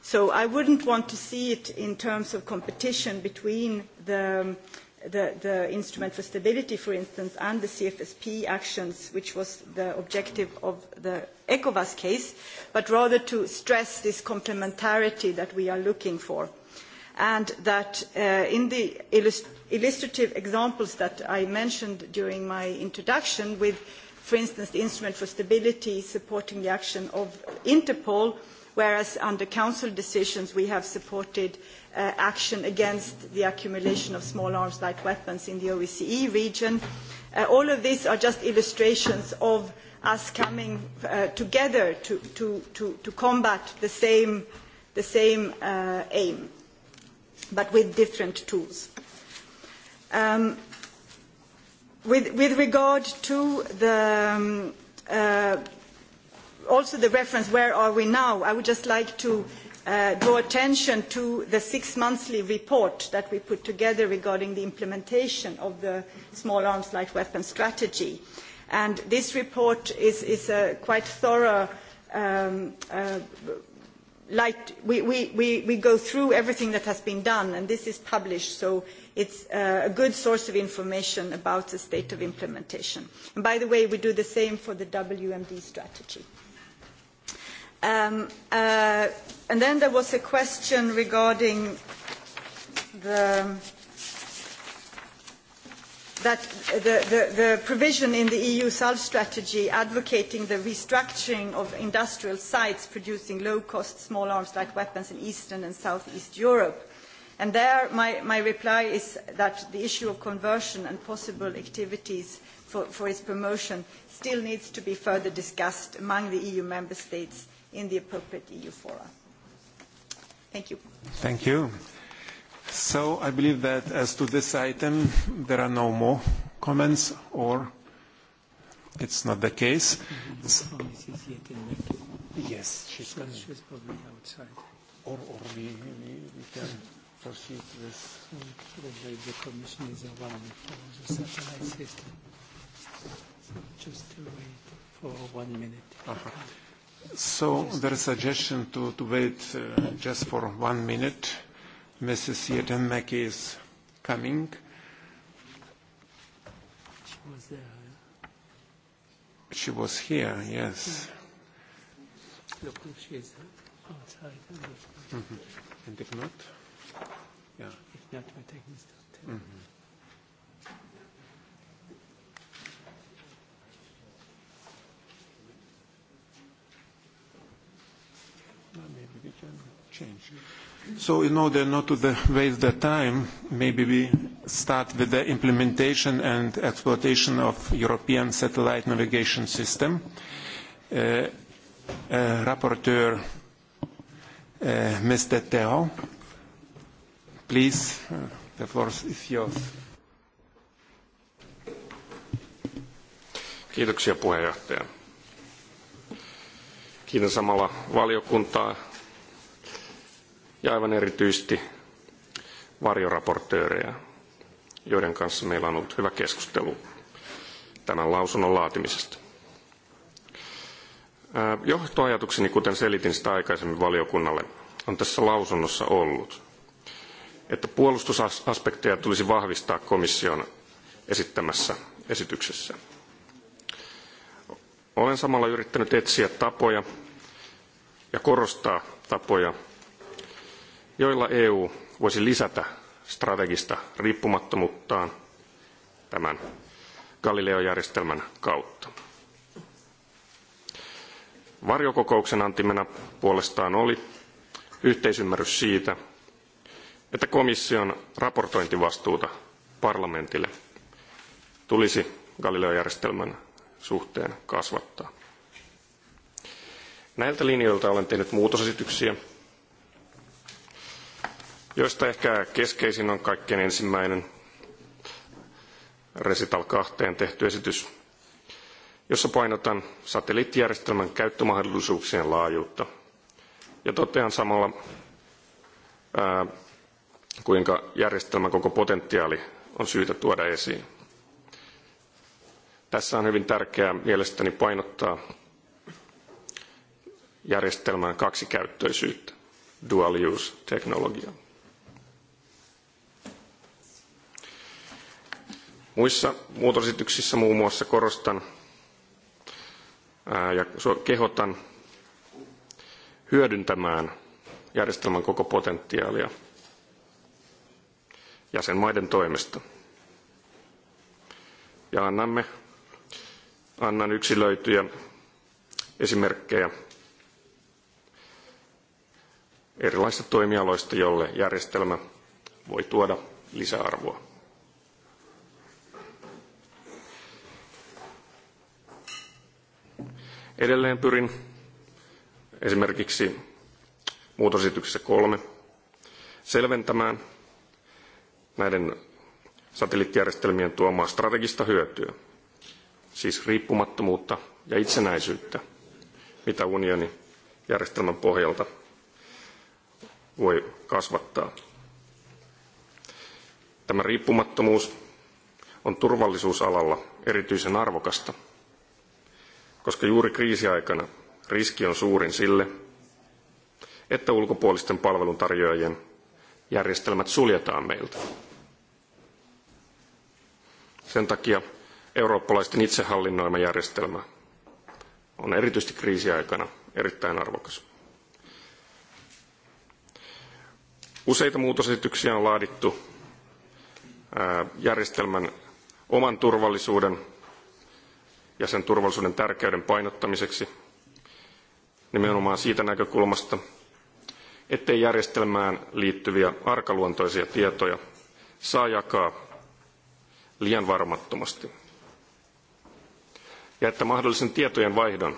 So I wouldn't want to see it in terms of competition between the the, the instrument for stability, for instance, and the CFSP actions, which was the objective of the ECOWAS case, but rather to stress this complementarity that we are looking for. And that in the illustrative examples that I mentioned during my introduction, with, for instance, the Instrument for Stability supporting the action of Interpol, whereas under Council decisions we have supported action against the accumulation of small arms light weapons in the OECE region. all of these are just illustrations of us coming together to, combat the same, aim, but with different tools. with, regard to the also the reference, where are we now? I would just like to draw attention to the six-monthly report that we put together regarding the implementation of the small arms light weapons strategy. And this report is, is a quite thorough light, we, we, we, we go through everything that has been done, and this is published, so it's uh, a good source of information about the state of implementation. And by the way, we do the same for the WMD strategy. Um, uh, and then there was a question regarding the that the, the, the provision in the EU SAL strategy advocating the restructuring of industrial sites producing low-cost small arms-like weapons in Eastern and Southeast Europe. And there my, my reply is that the issue of conversion and possible activities for, for its promotion still needs to be further discussed among the EU member states in the appropriate EU fora. Thank you. Thank you. So I believe that as to this item, there are no more comments or it's not the case. Yes, she's coming. She's probably outside. Or, or we, we, we can proceed with the, the commission is around for the satellite system. Just to wait for one minute. Uh-huh. So there is a suggestion to, to wait uh, just for one minute. Mrs. Mackey is coming. She was there. She was here, yes. Look, if she is outside. Mm-hmm. And if not, yeah. If not, we take Mr. Mm-hmm. change. So in order not to the waste the time, maybe we start with the implementation and exploitation of European Satellite Navigation System. Uh, uh, Rapporteur, uh, Mr. Teo, please, uh, the floor is yours. Kiitoksia puheenjohtaja. Kiitän samalla valiokuntaa ja aivan erityisesti varjoraportööreja, joiden kanssa meillä on ollut hyvä keskustelu tämän lausunnon laatimisesta. Johtoajatukseni, kuten selitin sitä aikaisemmin valiokunnalle, on tässä lausunnossa ollut, että puolustusaspekteja tulisi vahvistaa komission esittämässä esityksessä. Olen samalla yrittänyt etsiä tapoja ja korostaa tapoja joilla EU voisi lisätä strategista riippumattomuuttaan tämän Galileo-järjestelmän kautta. Varjokokouksen antimena puolestaan oli yhteisymmärrys siitä, että komission raportointivastuuta parlamentille tulisi Galileo-järjestelmän suhteen kasvattaa. Näiltä linjoilta olen tehnyt muutosesityksiä joista ehkä keskeisin on kaikkein ensimmäinen Resital 2 tehty esitys, jossa painotan satelliittijärjestelmän käyttömahdollisuuksien laajuutta ja totean samalla, kuinka järjestelmän koko potentiaali on syytä tuoda esiin. Tässä on hyvin tärkeää mielestäni painottaa järjestelmän kaksikäyttöisyyttä, dual use teknologiaa. Muissa muutosesityksissä muun muassa korostan ja kehotan hyödyntämään järjestelmän koko potentiaalia jäsenmaiden toimesta. Ja annamme, annan yksilöityjä esimerkkejä erilaisista toimialoista, jolle järjestelmä voi tuoda lisäarvoa. Edelleen pyrin esimerkiksi muutosesityksessä kolme selventämään näiden satelliittijärjestelmien tuomaa strategista hyötyä, siis riippumattomuutta ja itsenäisyyttä, mitä unioni järjestelmän pohjalta voi kasvattaa. Tämä riippumattomuus on turvallisuusalalla erityisen arvokasta – koska juuri kriisiaikana riski on suurin sille, että ulkopuolisten palveluntarjoajien järjestelmät suljetaan meiltä. Sen takia eurooppalaisten itsehallinnoima järjestelmä on erityisesti kriisiaikana erittäin arvokas. Useita muutosesityksiä on laadittu järjestelmän oman turvallisuuden ja sen turvallisuuden tärkeyden painottamiseksi nimenomaan siitä näkökulmasta, ettei järjestelmään liittyviä arkaluontoisia tietoja saa jakaa liian varmattomasti ja että mahdollisen tietojen vaihdon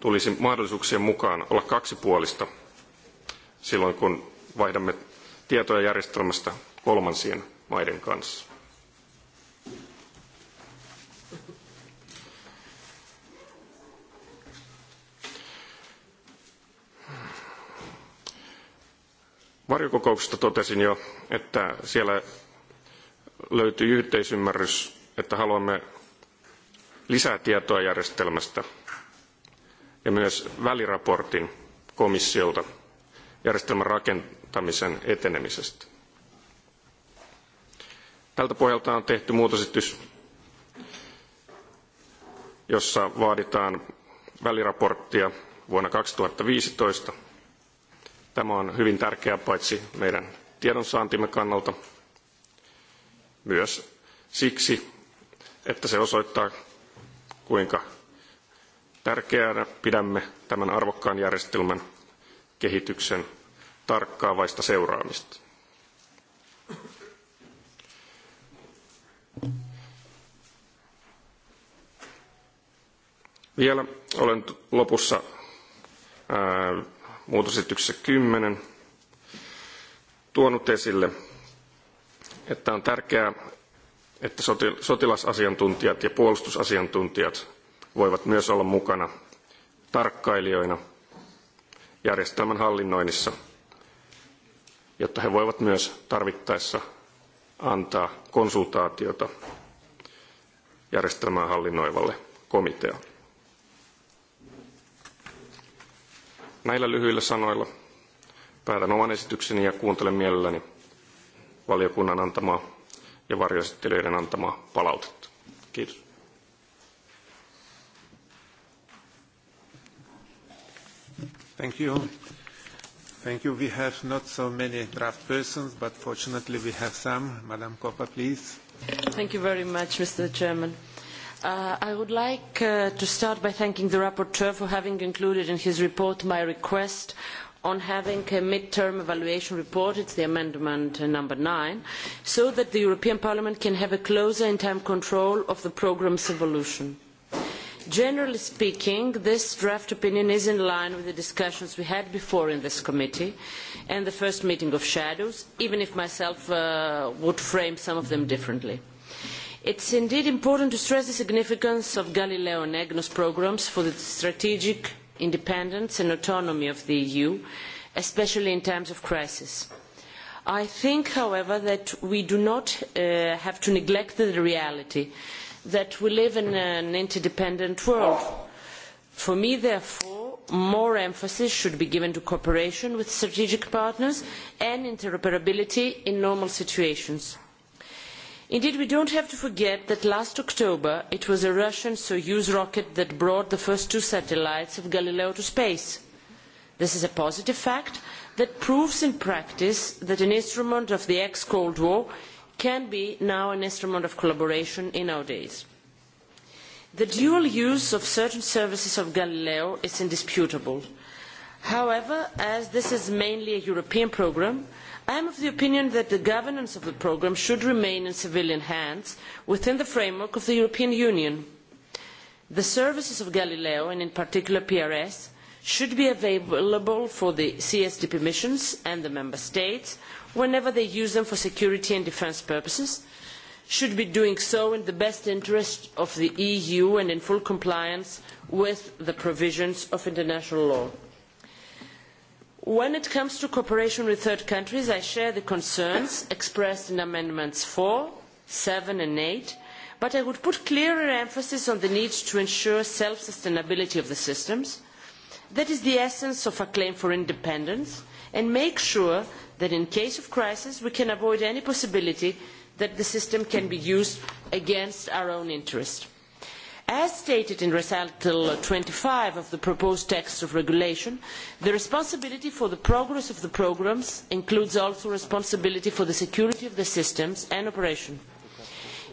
tulisi mahdollisuuksien mukaan olla kaksipuolista silloin, kun vaihdamme tietoja järjestelmästä kolmansien maiden kanssa. varjokokouksesta totesin jo, että siellä löytyy yhteisymmärrys, että haluamme lisää tietoa järjestelmästä ja myös väliraportin komissiolta järjestelmän rakentamisen etenemisestä. Tältä pohjalta on tehty muutosesitys, jossa vaaditaan väliraporttia vuonna 2015 – Tämä on hyvin tärkeää paitsi meidän tiedonsaantimme kannalta, myös siksi, että se osoittaa, kuinka tärkeänä pidämme tämän arvokkaan järjestelmän kehityksen tarkkaavaista seuraamista. Vielä olen lopussa muutosesityksessä 10 tuonut esille, että on tärkeää, että sotilasasiantuntijat ja puolustusasiantuntijat voivat myös olla mukana tarkkailijoina järjestelmän hallinnoinnissa, jotta he voivat myös tarvittaessa antaa konsultaatiota järjestelmää hallinnoivalle komitealle. Näillä lyhyillä sanoilla päätän oman esitykseni ja kuuntelen mielelläni valiokunnan antamaa ja varjoesittelijöiden antamaa palautetta. Kiitos. Thank you. Thank you. We have not so many draft persons, but fortunately we have some. Madam Koppa, please. Thank you very much, Mr. Chairman. I would like to start by thanking the rapporteur for having included in his report my request on having a mid term evaluation report it is amendment number nine so that the european parliament can have a closer in time control of the programme's evolution. generally speaking this draft opinion is in line with the discussions we had before in this committee and the first meeting of shadows even if myself would frame some of them differently It is indeed important to stress the significance of Galileo and EGNOS programmes for the strategic independence and autonomy of the EU, especially in times of crisis. I think, however, that we do not have to neglect the reality that we live in an interdependent world. For me, therefore, more emphasis should be given to cooperation with strategic partners and interoperability in normal situations Indeed, we do not have to forget that last October it was a Russian Soyuz rocket that brought the first two satellites of Galileo to space. This is a positive fact that proves in practice that an instrument of the ex-Cold War can be now an instrument of collaboration in our days. The dual use of certain services of Galileo is indisputable. However, as this is mainly a European programme, i am of the opinion that the governance of the programme should remain in civilian hands within the framework of the european union. the services of galileo and in particular prs should be available for the csdp missions and the member states whenever they use them for security and defence purposes should be doing so in the best interest of the eu and in full compliance with the provisions of international law when it comes to cooperation with third countries i share the concerns expressed in amendments four seven and eight but i would put clearer emphasis on the need to ensure self sustainability of the systems that is the essence of a claim for independence and make sure that in case of crisis we can avoid any possibility that the system can be used against our own interests. As stated in recital twenty five of the proposed text of regulation, the responsibility for the progress of the programmes includes also responsibility for the security of the systems and operation.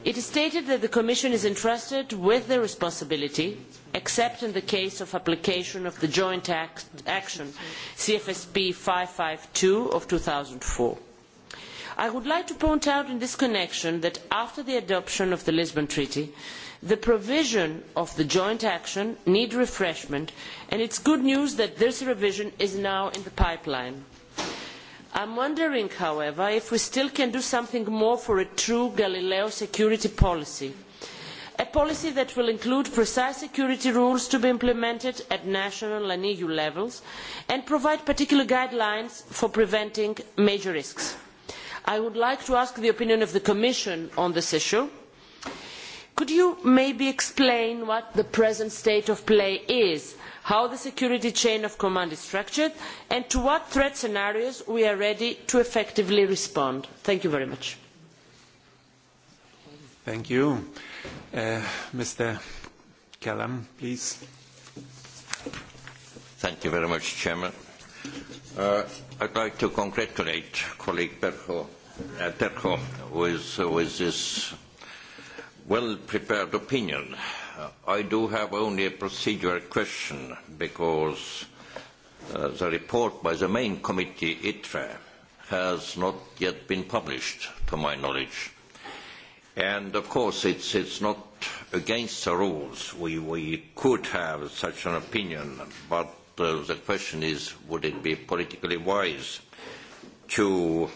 It is stated that the Commission is entrusted with the responsibility, except in the case of application of the Joint Action CFSP five hundred and fifty two of two thousand four. I would like to point out in this connection that after the adoption of the Lisbon Treaty, The provision of the joint action need refreshment, and it is good news that this revision is now in the pipeline. I am wondering, however, if we still can do something more for a true Galileo security policy a policy that will include precise security rules to be implemented at national and eu levels and provide particular guidelines for preventing major risks. i would like to ask the opinion of the commission on this issue could you maybe explain what the present state of play is how the security chain of command is structured and to what threat scenarios we are ready to effectively respond? thank you very much. thank you. mr kelam please. thank you very much chairman. Uh, i'd like to congratulate colleague Berho, uh, Terho with, with this well-prepared opinion. I do have only a procedural question because the report by the main committee, ITRE, has not yet been published, to my knowledge. And of course, it's, it's not against the rules. We, we could have such an opinion, but uh, the question is, would it be politically wise to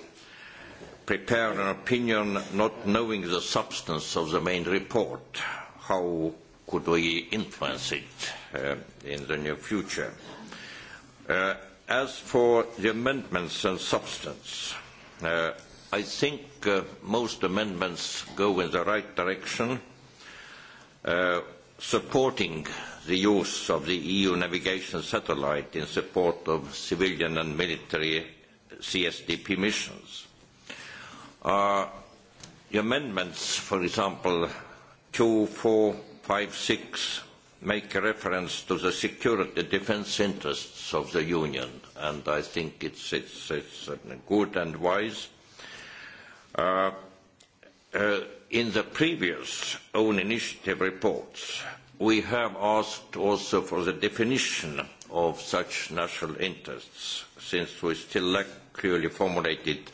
prepare an opinion not knowing the substance of the main report. How could we influence it in the near future? as for the amendments and substance, I think most amendments go in the right direction, supporting the use of the EU navigation satellite in support of civilian and military CSDP missions are the amendments, for example, two, four, five, six make a reference to the security defence interests of the Union, and I think it's, is good and wise. in the previous own initiative reports, we have asked also for the definition of such national interests, since we still lack clearly formulated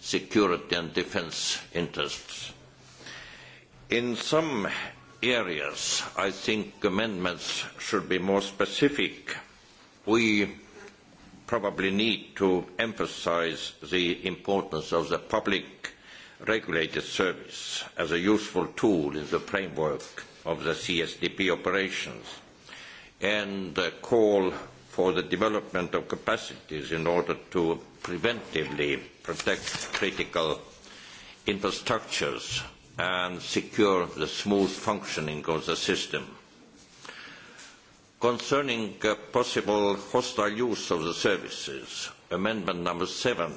security and defence interests. In some areas, I think amendments should be more specific. We probably need to emphasise the importance of the public regulated service as a useful tool in the framework of the CSDP operations and call for the development of capacities in order to preventively protect critical infrastructures and secure the smooth functioning of the system. Concerning possible hostile use of the services, amendment number seven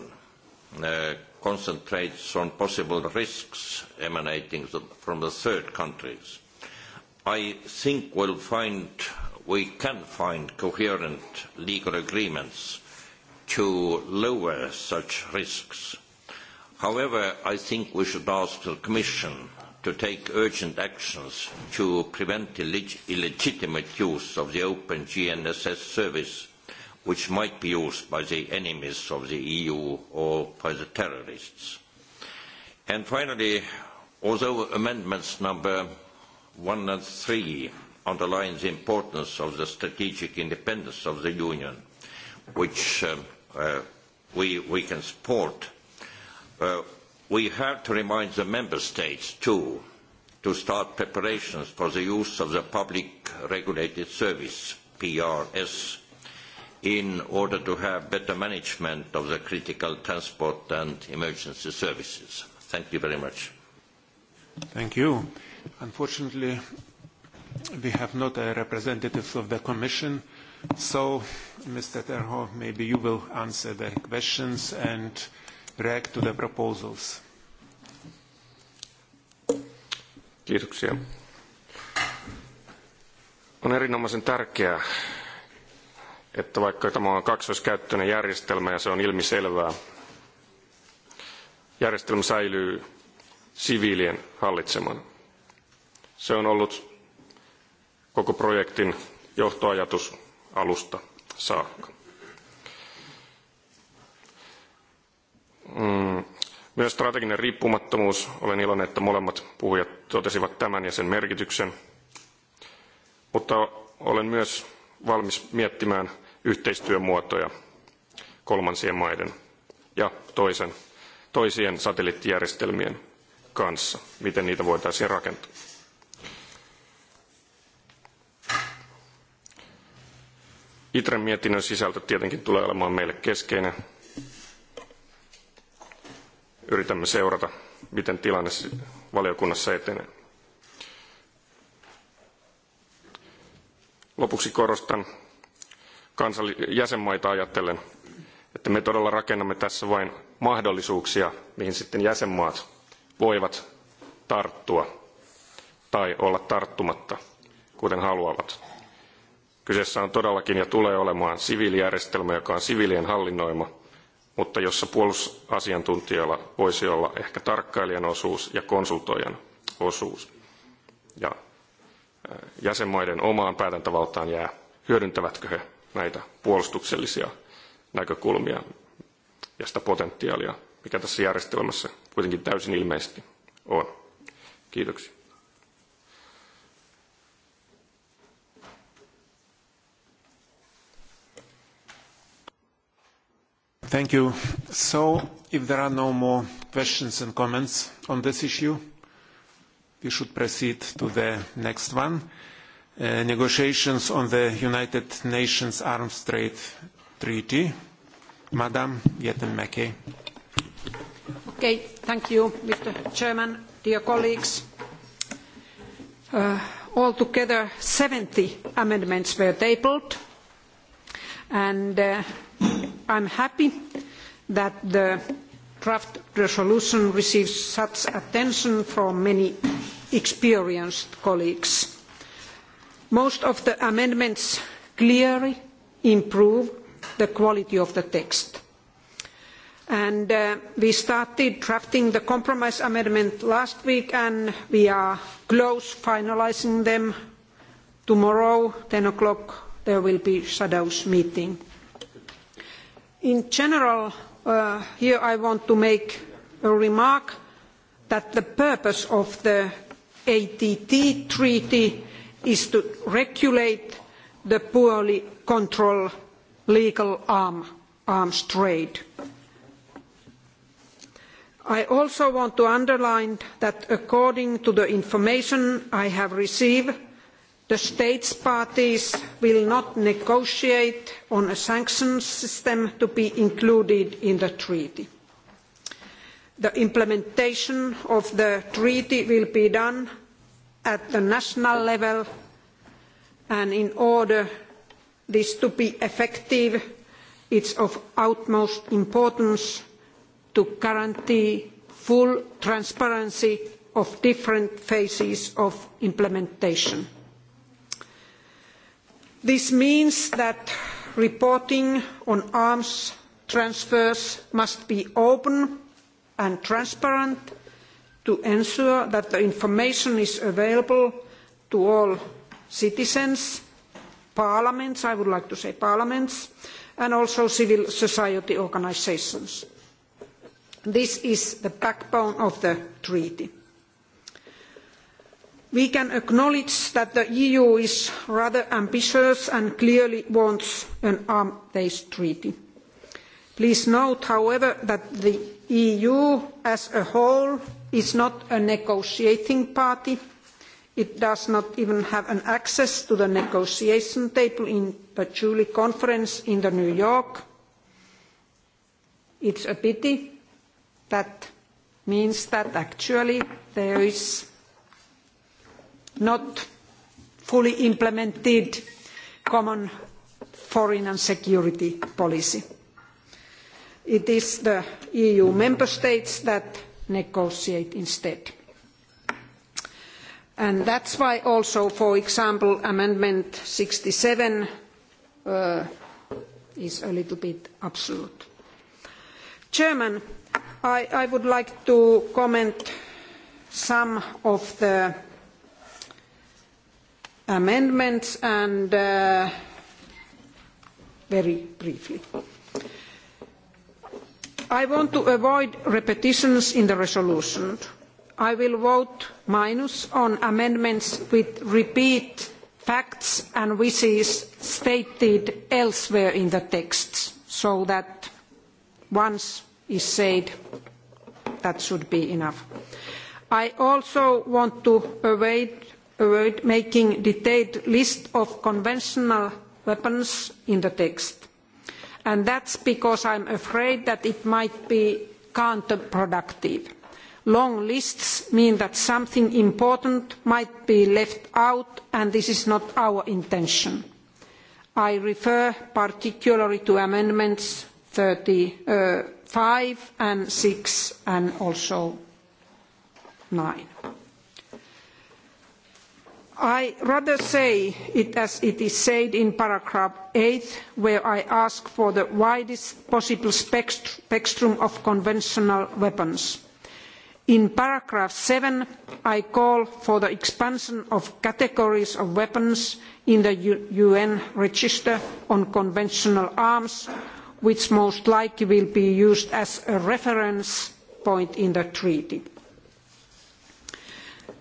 concentrates on possible risks emanating from the third countries. I think we'll find, we can find coherent legal agreements to lower such risks. However, I think we should ask the Commission to take urgent actions to prevent illegitimate use of the open GNSS service, which might be used by the enemies of the EU or by the terrorists. And finally, although amendments number one and three underline the importance of the strategic independence of the Union, which we, we can support. we have to remind the member states too to start preparations for the use of the public regulated service PRS in order to have better management of the critical transport and emergency services. Thank you very much. Thank you. Unfortunately, we have not a representative of the Commission Mr. Terho, maybe you will answer the questions and react to the proposals. Kiitoksia. On erinomaisen tärkeää, että vaikka tämä on kaksoiskäyttöinen järjestelmä ja se on ilmiselvää, järjestelmä säilyy siviilien hallitsemana. Se on ollut koko projektin johtoajatus alusta saakka. Myös strateginen riippumattomuus. Olen iloinen, että molemmat puhujat totesivat tämän ja sen merkityksen. Mutta olen myös valmis miettimään yhteistyömuotoja kolmansien maiden ja toisen, toisien satelliittijärjestelmien kanssa, miten niitä voitaisiin rakentaa. Itren mietinnön sisältö tietenkin tulee olemaan meille keskeinen. Yritämme seurata, miten tilanne valiokunnassa etenee. Lopuksi korostan jäsenmaita ajatellen, että me todella rakennamme tässä vain mahdollisuuksia, mihin sitten jäsenmaat voivat tarttua tai olla tarttumatta, kuten haluavat Kyseessä on todellakin ja tulee olemaan siviilijärjestelmä, joka on siviilien hallinnoima, mutta jossa puolustusasiantuntijoilla voisi olla ehkä tarkkailijan osuus ja konsultoijan osuus. Ja jäsenmaiden omaan päätäntävaltaan jää, hyödyntävätkö he näitä puolustuksellisia näkökulmia ja sitä potentiaalia, mikä tässä järjestelmässä kuitenkin täysin ilmeisesti on. Kiitoksia. Thank you. So, if there are no more questions and comments on this issue, we should proceed to the next one. Negotiations on the United Nations Arms Trade Treaty. Madam Yetin-Mackey. Okay. Thank you, Mr. Chairman, dear colleagues. Altogether, seventy amendments were tabled, and I am happy that the draft resolution receives such attention from many experienced colleagues. Most of the amendments clearly improve the quality of the text. we started drafting the compromise amendment last week and we are close to finalising them. Tomorrow, ten o'clock, there will be a shadows meeting In general, here I want to make a remark that the purpose of the ATT treaty is to regulate the poorly controlled legal arms trade. I also want to underline that according to the information I have received, The states parties will not negotiate on a sanctions system to be included in the treaty. The implementation of the treaty will be done at the national level and in order this to be effective, it is of utmost importance to guarantee full transparency of different phases of implementation This means that reporting on arms transfers must be open and transparent to ensure that the information is available to all citizens, parliaments, I would like to say parliaments, and also civil society organisations. This is the backbone of the treaty we can acknowledge that the eu is rather ambitious and clearly wants an arms based treaty. please note however that the eu as a whole is not a negotiating party. it does not even have access to the negotiation table in the july conference in new york. it is a pity. that means that actually there is not fully implemented common foreign and security policy. It is the EU member states that negotiate instead. And is why also, for example, Amendment sixty seven is a little bit absolute. I, would like to comment on some of the amendments and very briefly. I want to avoid repetitions in the resolution. I will vote minus on amendments with repeat facts and wishes stated elsewhere in the texts so that once is said that should be enough. I also want to avoid making detailed list of conventional weapons in the text. And that's because I'm afraid that it might be counterproductive. Long lists mean that something important might be left out, and this is not our intention. I refer particularly to amendments thirty five and six and also nine. I rather say it as it is said in paragraph eight, where I ask for the widest possible spectrum of conventional weapons. In paragraph seven, I call for the expansion of categories of weapons in the UN register on conventional arms, which most likely will be used as a reference point in the treaty.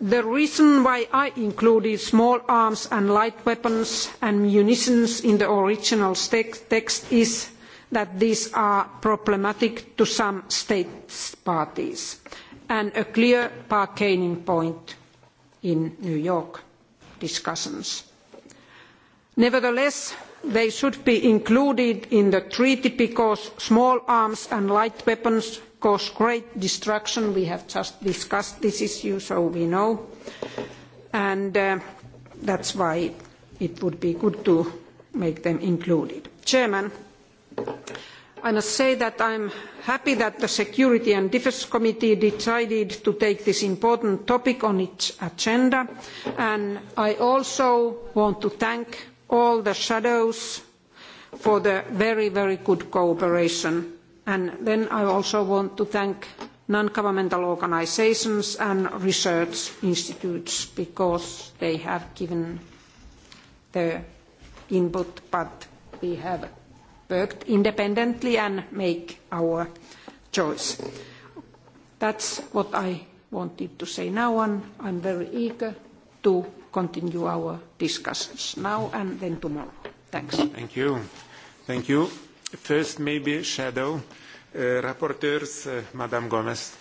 The reason why I included small arms and light weapons and munitions in the original text is that these are problematic to some states parties and a clear bargaining point in New York discussions. Nevertheless, they should be included in the treaty because small arms and light weapons cause great destruction. We have just discussed this issue, so we know. And that's why it would be good to make them included. Chairman, I must say that I am happy that the Security and Defence Committee decided to take this important topic on its agenda. And I also want to thank all the shadows for the very, very good cooperation And then I also want to thank non-governmental organisations and research institutes because they have given their input, but we have worked independently and make our choice. That's what I wanted to say now, and I'm very eager to continue our discussions now and then tomorrow. Thanks. Thank you. Thank you. First, maybe shadow rapporteurs, Madame Gomez.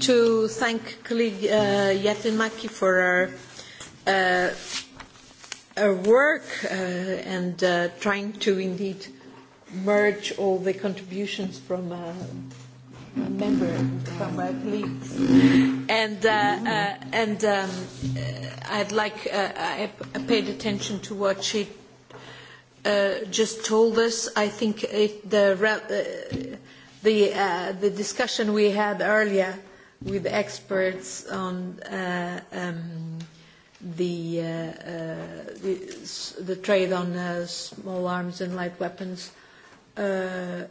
To thank colleague Yatinmaki for her, work and trying to indeed merge all the contributions from uh, a member from my colleagues. And, uh, uh, and um, I'd like, uh, I paid attention to what she just told us, I think it, the, the, uh, the discussion we had earlier with experts on uh, um, the, uh, the, the trade on uh, small arms and light weapons uh,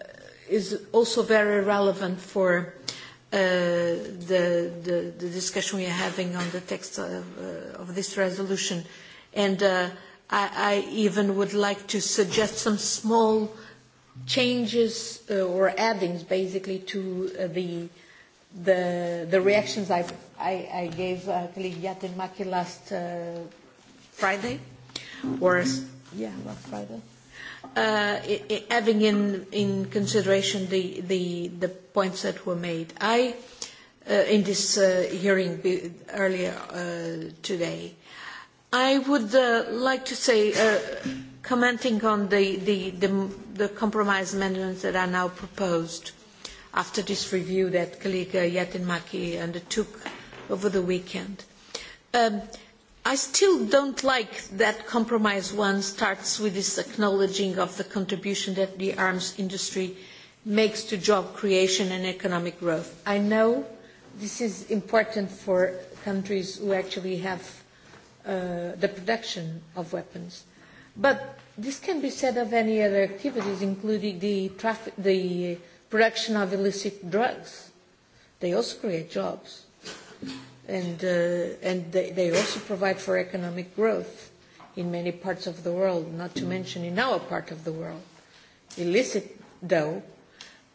is also very relevant for uh, the, the, the discussion we are having on the text of, uh, of this resolution. And uh, I, I even would like to suggest some small changes uh, or addings, basically, to uh, the, the the reactions I I, I gave uh, colleague Yatin Maki last uh, Friday, or yeah, last Friday. Uh, having in in consideration the, the the points that were made, I uh, in this uh, hearing earlier uh, today I would like to say, commenting on the, compromise amendments that are now proposed after this review that colleague Yatinmaki undertook over the weekend. I still don't like that compromise one starts with this acknowledging of the contribution that the arms industry makes to job creation and economic growth. I know this is important for countries who actually have uh, the production of weapons. But this can be said of any other activities, including the, traffic, the production of illicit drugs. They also create jobs, and, uh, and they, they also provide for economic growth in many parts of the world, not to mention in our part of the world. Illicit, though,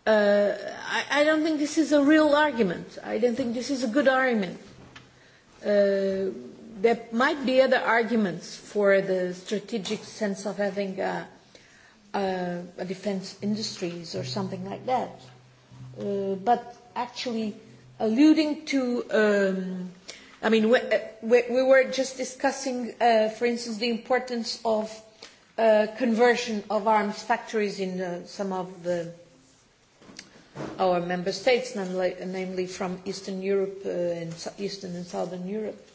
uh, I, I don't think this is a real argument. I don't think this is a good argument. Uh, there might be other arguments for the strategic sense of having a, a, a defense industries or something like that. Uh, but actually, alluding to, um, I mean, we, we, we were just discussing, uh, for instance, the importance of uh, conversion of arms factories in uh, some of the our member states, namely, namely from Eastern Europe uh, and Eastern and Southern Europe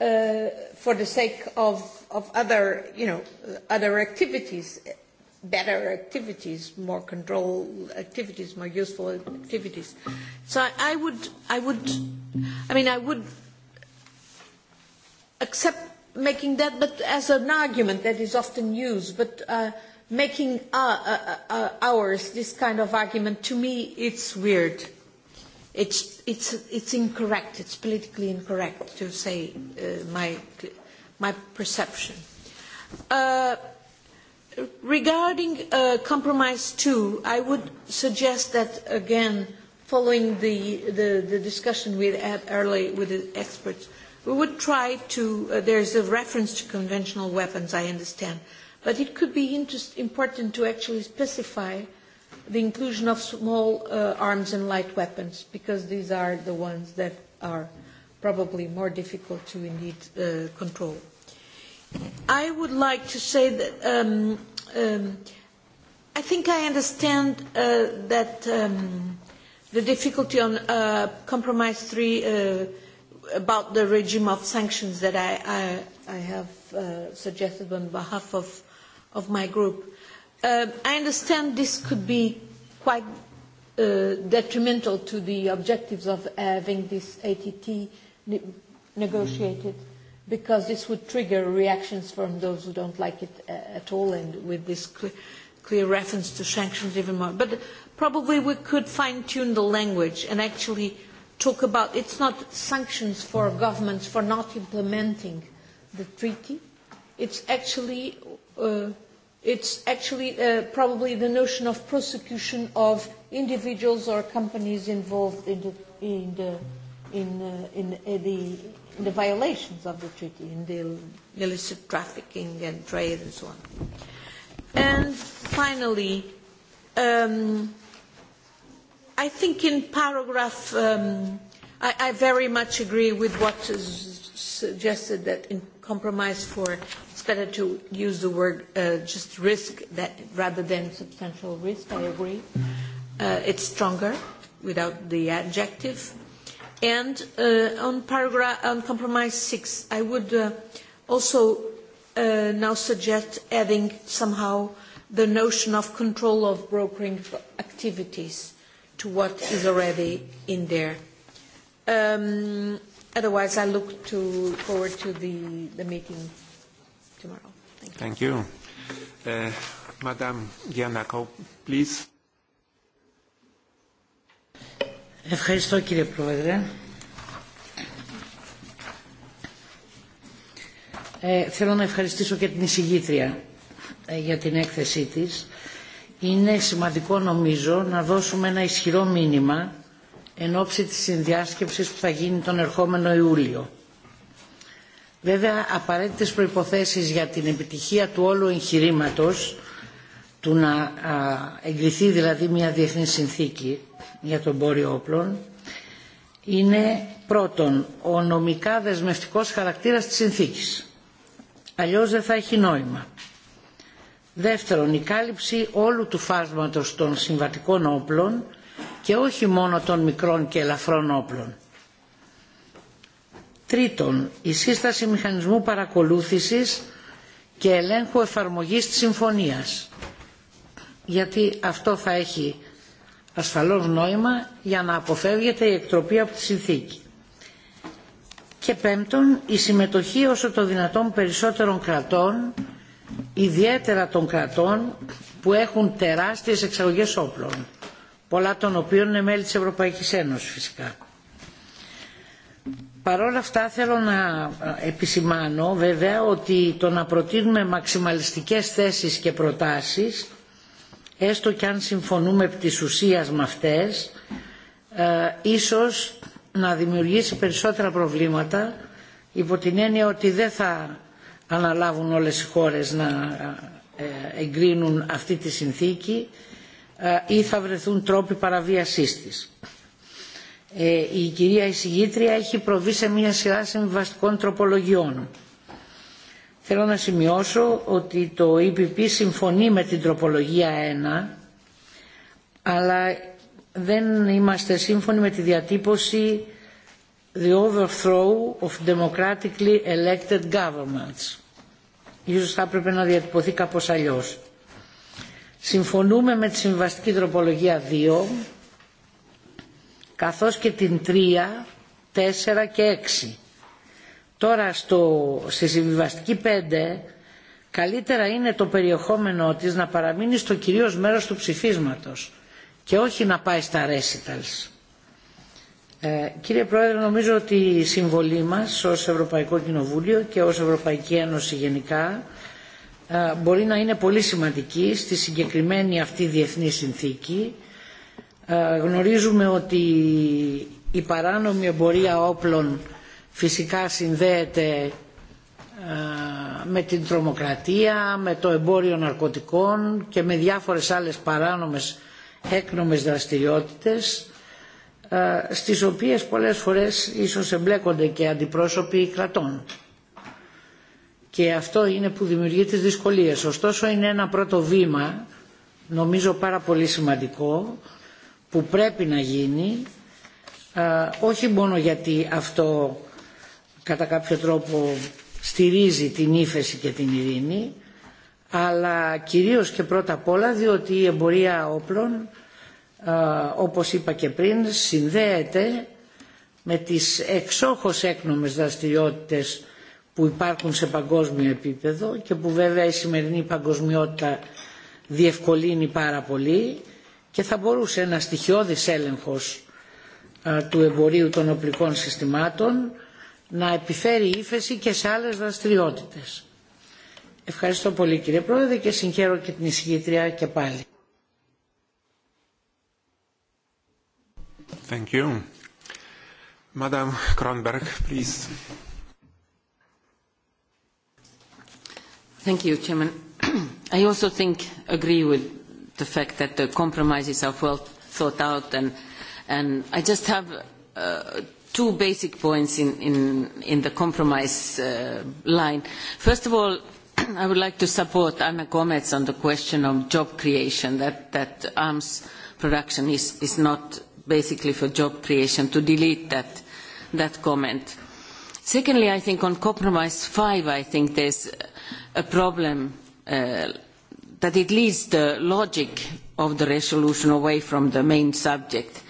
uh, for the sake of, of other, you know, other activities, better activities, more control activities, more useful activities. So I, I would, I would, I mean, I would accept making that, but as an argument that is often used, but uh, making uh, uh, uh, ours this kind of argument, to me, it's weird It's, it's, it's incorrect, it's politically incorrect to say uh, my, my perception. Uh, regarding uh, compromise two, I would suggest that again, following the, the, the discussion we had earlier with the experts, we would try to, uh, there's a reference to conventional weapons, I understand, but it could be interest, important to actually specify the inclusion of small uh, arms and light weapons, because these are the ones that are probably more difficult to indeed uh, control. I would like to say that um, um, I think I understand uh, that um, the difficulty on uh, Compromise 3 uh, about the regime of sanctions that I, I, I have uh, suggested on behalf of, of my group. Uh, I understand this could be quite detrimental to the objectives of having this ATT negotiated because this would trigger reactions from those who don't like it at all and with this clear reference to sanctions even more. But probably we could fine-tune the language and actually talk about it's not sanctions for governments for not implementing the treaty. It's actually uh, It's actually uh, probably the notion of prosecution of individuals or companies involved in the, in the, in, uh, in, uh, the, in the violations of the treaty, in the illicit trafficking and trade and so on. And finally, um, I think in paragraph, um, I, I very much agree with what is suggested that in compromise for better to use the word uh, just risk that rather than substantial risk. I agree. Uh, it's stronger without the adjective. And uh, on paragraph on compromise six, I would uh, also uh, now suggest adding somehow the notion of control of brokering activities to what is already in there. Um, otherwise, I look to, forward to the, the meeting tomorrow. Thank you. Thank you. Uh, Madame Giannakou, please. Ευχαριστώ κύριε Πρόεδρε. Ε, θέλω να ευχαριστήσω και την εισηγήτρια ε, για την έκθεσή της. Είναι σημαντικό νομίζω να δώσουμε ένα ισχυρό μήνυμα εν ώψη της συνδιάσκεψης που θα γίνει τον ερχόμενο Ιούλιο Βέβαια, απαραίτητες προϋποθέσεις για την επιτυχία του όλου εγχειρήματος, του να εγκριθεί δηλαδή μια διεθνή συνθήκη για τον πόριο όπλων, είναι πρώτον ο νομικά δεσμευτικός χαρακτήρας της συνθήκης. Αλλιώς δεν θα έχει νόημα. Δεύτερον, η κάλυψη όλου του φάσματος των συμβατικών όπλων και όχι μόνο των μικρών και ελαφρών όπλων Τρίτον, η σύσταση μηχανισμού παρακολούθησης και ελέγχου εφαρμογής της συμφωνίας. Γιατί αυτό θα έχει ασφαλώς νόημα για να αποφεύγεται η εκτροπή από τη συνθήκη. Και πέμπτον, η συμμετοχή όσο το δυνατόν περισσότερων κρατών, ιδιαίτερα των κρατών που έχουν τεράστιες εξαγωγές όπλων, πολλά των οποίων είναι μέλη της Ευρωπαϊκής Ένωσης φυσικά. Παρ' όλα αυτά θέλω να επισημάνω βέβαια ότι το να προτείνουμε μαξιμαλιστικές θέσεις και προτάσεις έστω και αν συμφωνούμε επί της ουσίας με αυτές ε, ίσως να δημιουργήσει περισσότερα προβλήματα υπό την έννοια ότι δεν θα αναλάβουν όλες οι χώρες να εγκρίνουν αυτή τη συνθήκη ή θα βρεθούν τρόποι παραβίασής της η κυρία εισηγήτρια έχει προβεί σε μια σειρά συμβαστικών τροπολογιών. Θέλω να σημειώσω ότι το EPP συμφωνεί με την τροπολογία 1, αλλά δεν είμαστε σύμφωνοι με τη διατύπωση the overthrow of democratically elected governments. Ίσως θα έπρεπε να διατυπωθεί κάπως αλλιώς. Συμφωνούμε με τη συμβαστική τροπολογία καθώς και την 3, 4 και 6. Τώρα στο, στη συμβιβαστική 5 καλύτερα είναι το περιεχόμενό της να παραμείνει στο κυρίως μέρος του ψηφίσματος και όχι να πάει στα recitals. Ε, κύριε Πρόεδρε, νομίζω ότι η συμβολή μας ως Ευρωπαϊκό Κοινοβούλιο και ως Ευρωπαϊκή Ένωση γενικά ε, μπορεί να είναι πολύ σημαντική στη συγκεκριμένη αυτή διεθνή συνθήκη γνωρίζουμε ότι η παράνομη εμπορία όπλων φυσικά συνδέεται με την τρομοκρατία, με το εμπόριο ναρκωτικών και με διάφορες άλλες παράνομες έκνομες δραστηριότητες στις οποίες πολλές φορές ίσως εμπλέκονται και αντιπρόσωποι κρατών. Και αυτό είναι που δημιουργεί τις δυσκολίες. Ωστόσο είναι ένα πρώτο βήμα, νομίζω πάρα πολύ σημαντικό, που πρέπει να γίνει όχι μόνο γιατί αυτό κατά κάποιο τρόπο στηρίζει την ύφεση και την ειρήνη αλλά κυρίως και πρώτα απ' όλα διότι η εμπορία όπλων όπως είπα και πριν συνδέεται με τις εξόχως έκνομες δραστηριότητες που υπάρχουν σε παγκόσμιο επίπεδο και που βέβαια η σημερινή παγκοσμιότητα διευκολύνει πάρα πολύ και θα μπορούσε ένα στοιχειώδης έλεγχος του εμπορίου των οπλικών συστημάτων να επιφέρει ύφεση και σε άλλες δραστηριότητες. Ευχαριστώ πολύ κύριε Πρόεδρε και συγχαίρω και την εισηγήτρια και πάλι. Thank you. Madam Kronberg, please. Thank you, Chairman. I also think, agree with the fact that the compromises are well thought out. And, and I just have uh, two basic points in, in, in the compromise uh, line. First of all, I would like to support Anna Gomez on the question of job creation, that, that arms production is, is not basically for job creation, to delete that, that comment. Secondly, I think on compromise five, I think there's a problem uh, that it leads the logic of the resolution away from the main subject.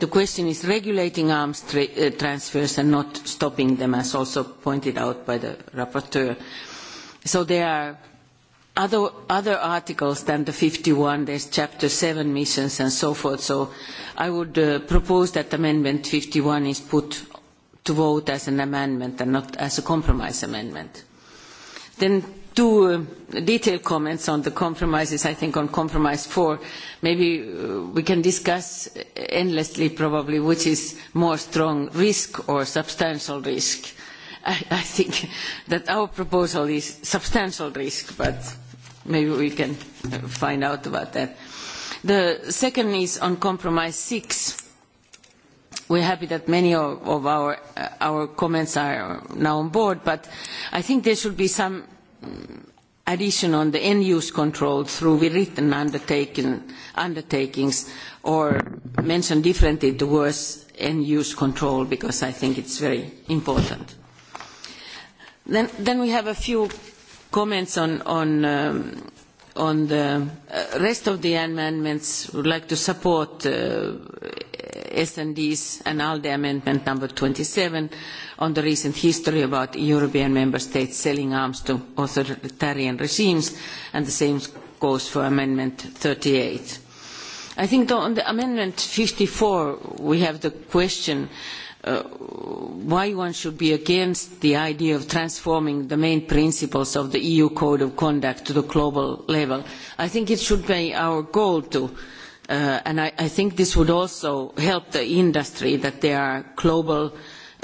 The question is regulating arms transfers and not stopping them, as also pointed out by the rapporteur. So there are other, other articles than the 51, there's chapter 7 missions and so forth, so I would uh, propose that amendment 51 is put to vote as an amendment and not as a compromise amendment. Then two detailed comments on the compromises. I think on compromise four, maybe we can discuss endlessly probably which is more strong risk or substantial risk. I, I think that our proposal is substantial risk, but maybe we can find out about that. The second is on compromise six. We're happy that many of our comments are now on board, but I think there should be some addition on the end-use control through written undertakings or mention differently the words end-use control because I think it's very important. Then then we have a few comments on on on the rest of the amendments. Would like to support S&D's and ALDE amendment number 27 on the recent history about European member states selling arms to authoritarian regimes, and the same goes for amendment 38. I think on the amendment 54, we have the question why one should be against the idea of transforming the main principles of the EU Code of Conduct to the global level. I think it should be our goal to and I, I think this would also help the industry that there are a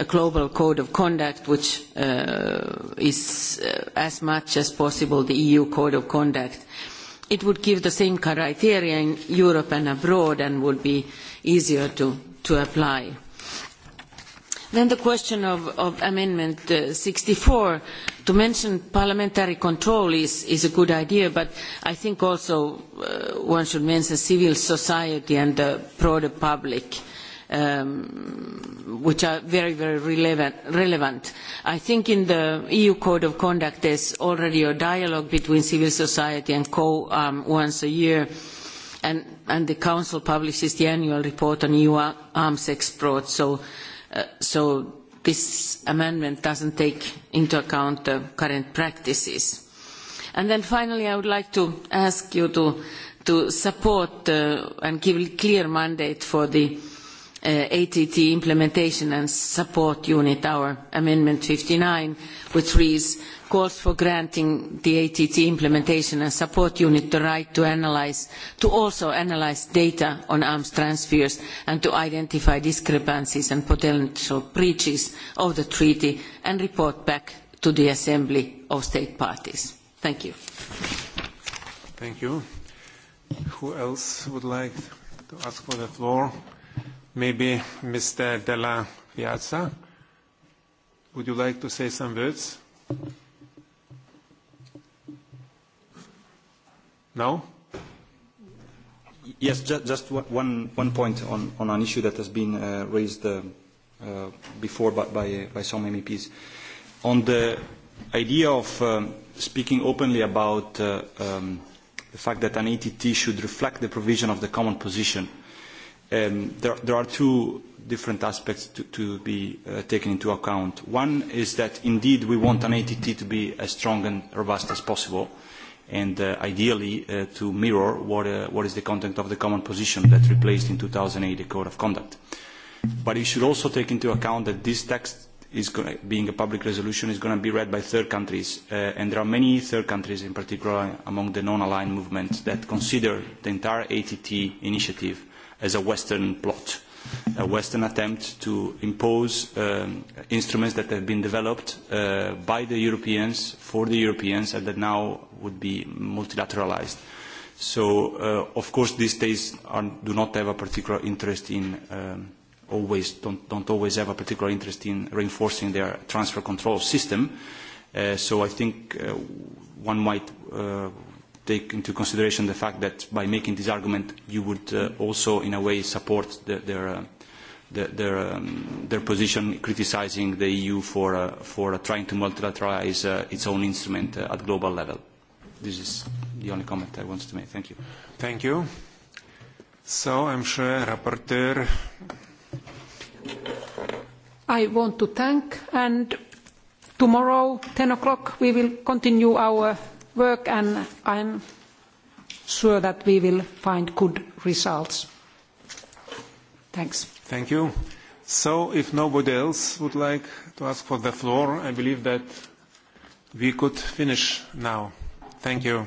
global code of conduct which is as much as possible the EU code of conduct. It would give the same criteria in Europe and abroad and would be easier to apply Then the question of, Amendment sixty four to mention parliamentary control is, a good idea, but I think also one should mention civil society and the broader public which are very, very relevant. I think in the EU Code of Conduct there is already a dialogue between civil society and CO once a year, and, the Council publishes the annual report on EU arms exports. So so this amendment doesn't take into account the current practices. And then finally, I would like to ask you to, to support and give a clear mandate for the ATT implementation and support unit, our amendment fifty nine, which reads, calls for granting the ATT implementation and support unit the right to analyze, to also analyze data on arms transfers and to identify discrepancies and potential breaches of the treaty and report back to the Assembly of State Parties. Thank you. Thank you. Who else would like to ask for the floor? Maybe Mr. Della Piazza. Would you like to say some words? No? Yes, just one point on an issue that has been raised before by some MEPs. On the idea of speaking openly about the fact that an ATT should reflect the provision of the common position, there are two different aspects to be taken into account. One is that indeed we want an ATT to be as strong and robust as possible, and uh, ideally uh, to mirror what, uh, what is the content of the common position that replaced in 2008 the Code of Conduct. But you should also take into account that this text, is to, being a public resolution, is going to be read by third countries, uh, and there are many third countries, in particular among the non-aligned movements, that consider the entire ATT initiative as a Western plot a Western attempt to impose instruments that have been developed by the Europeans for the Europeans and that now would be multilateralized. So, of course, these states do not have a particular interest in always don't, don't always have a particular interest in reinforcing their transfer control system. so I think one might take into consideration the fact that by making this argument, you would uh, also, in a way, support the, their, uh, the, their, um, their position criticizing the EU for, uh, for uh, trying to multilateralize uh, its own instrument uh, at global level. This is the only comment I wanted to make. Thank you. Thank you. So I'm sure Rapporteur... I want to thank and tomorrow, 10 o'clock, we will continue our work, and I am sure that we will find good results. Thanks. Thank you. So if nobody else would like to ask for the floor, I believe that we could finish now. Thank you.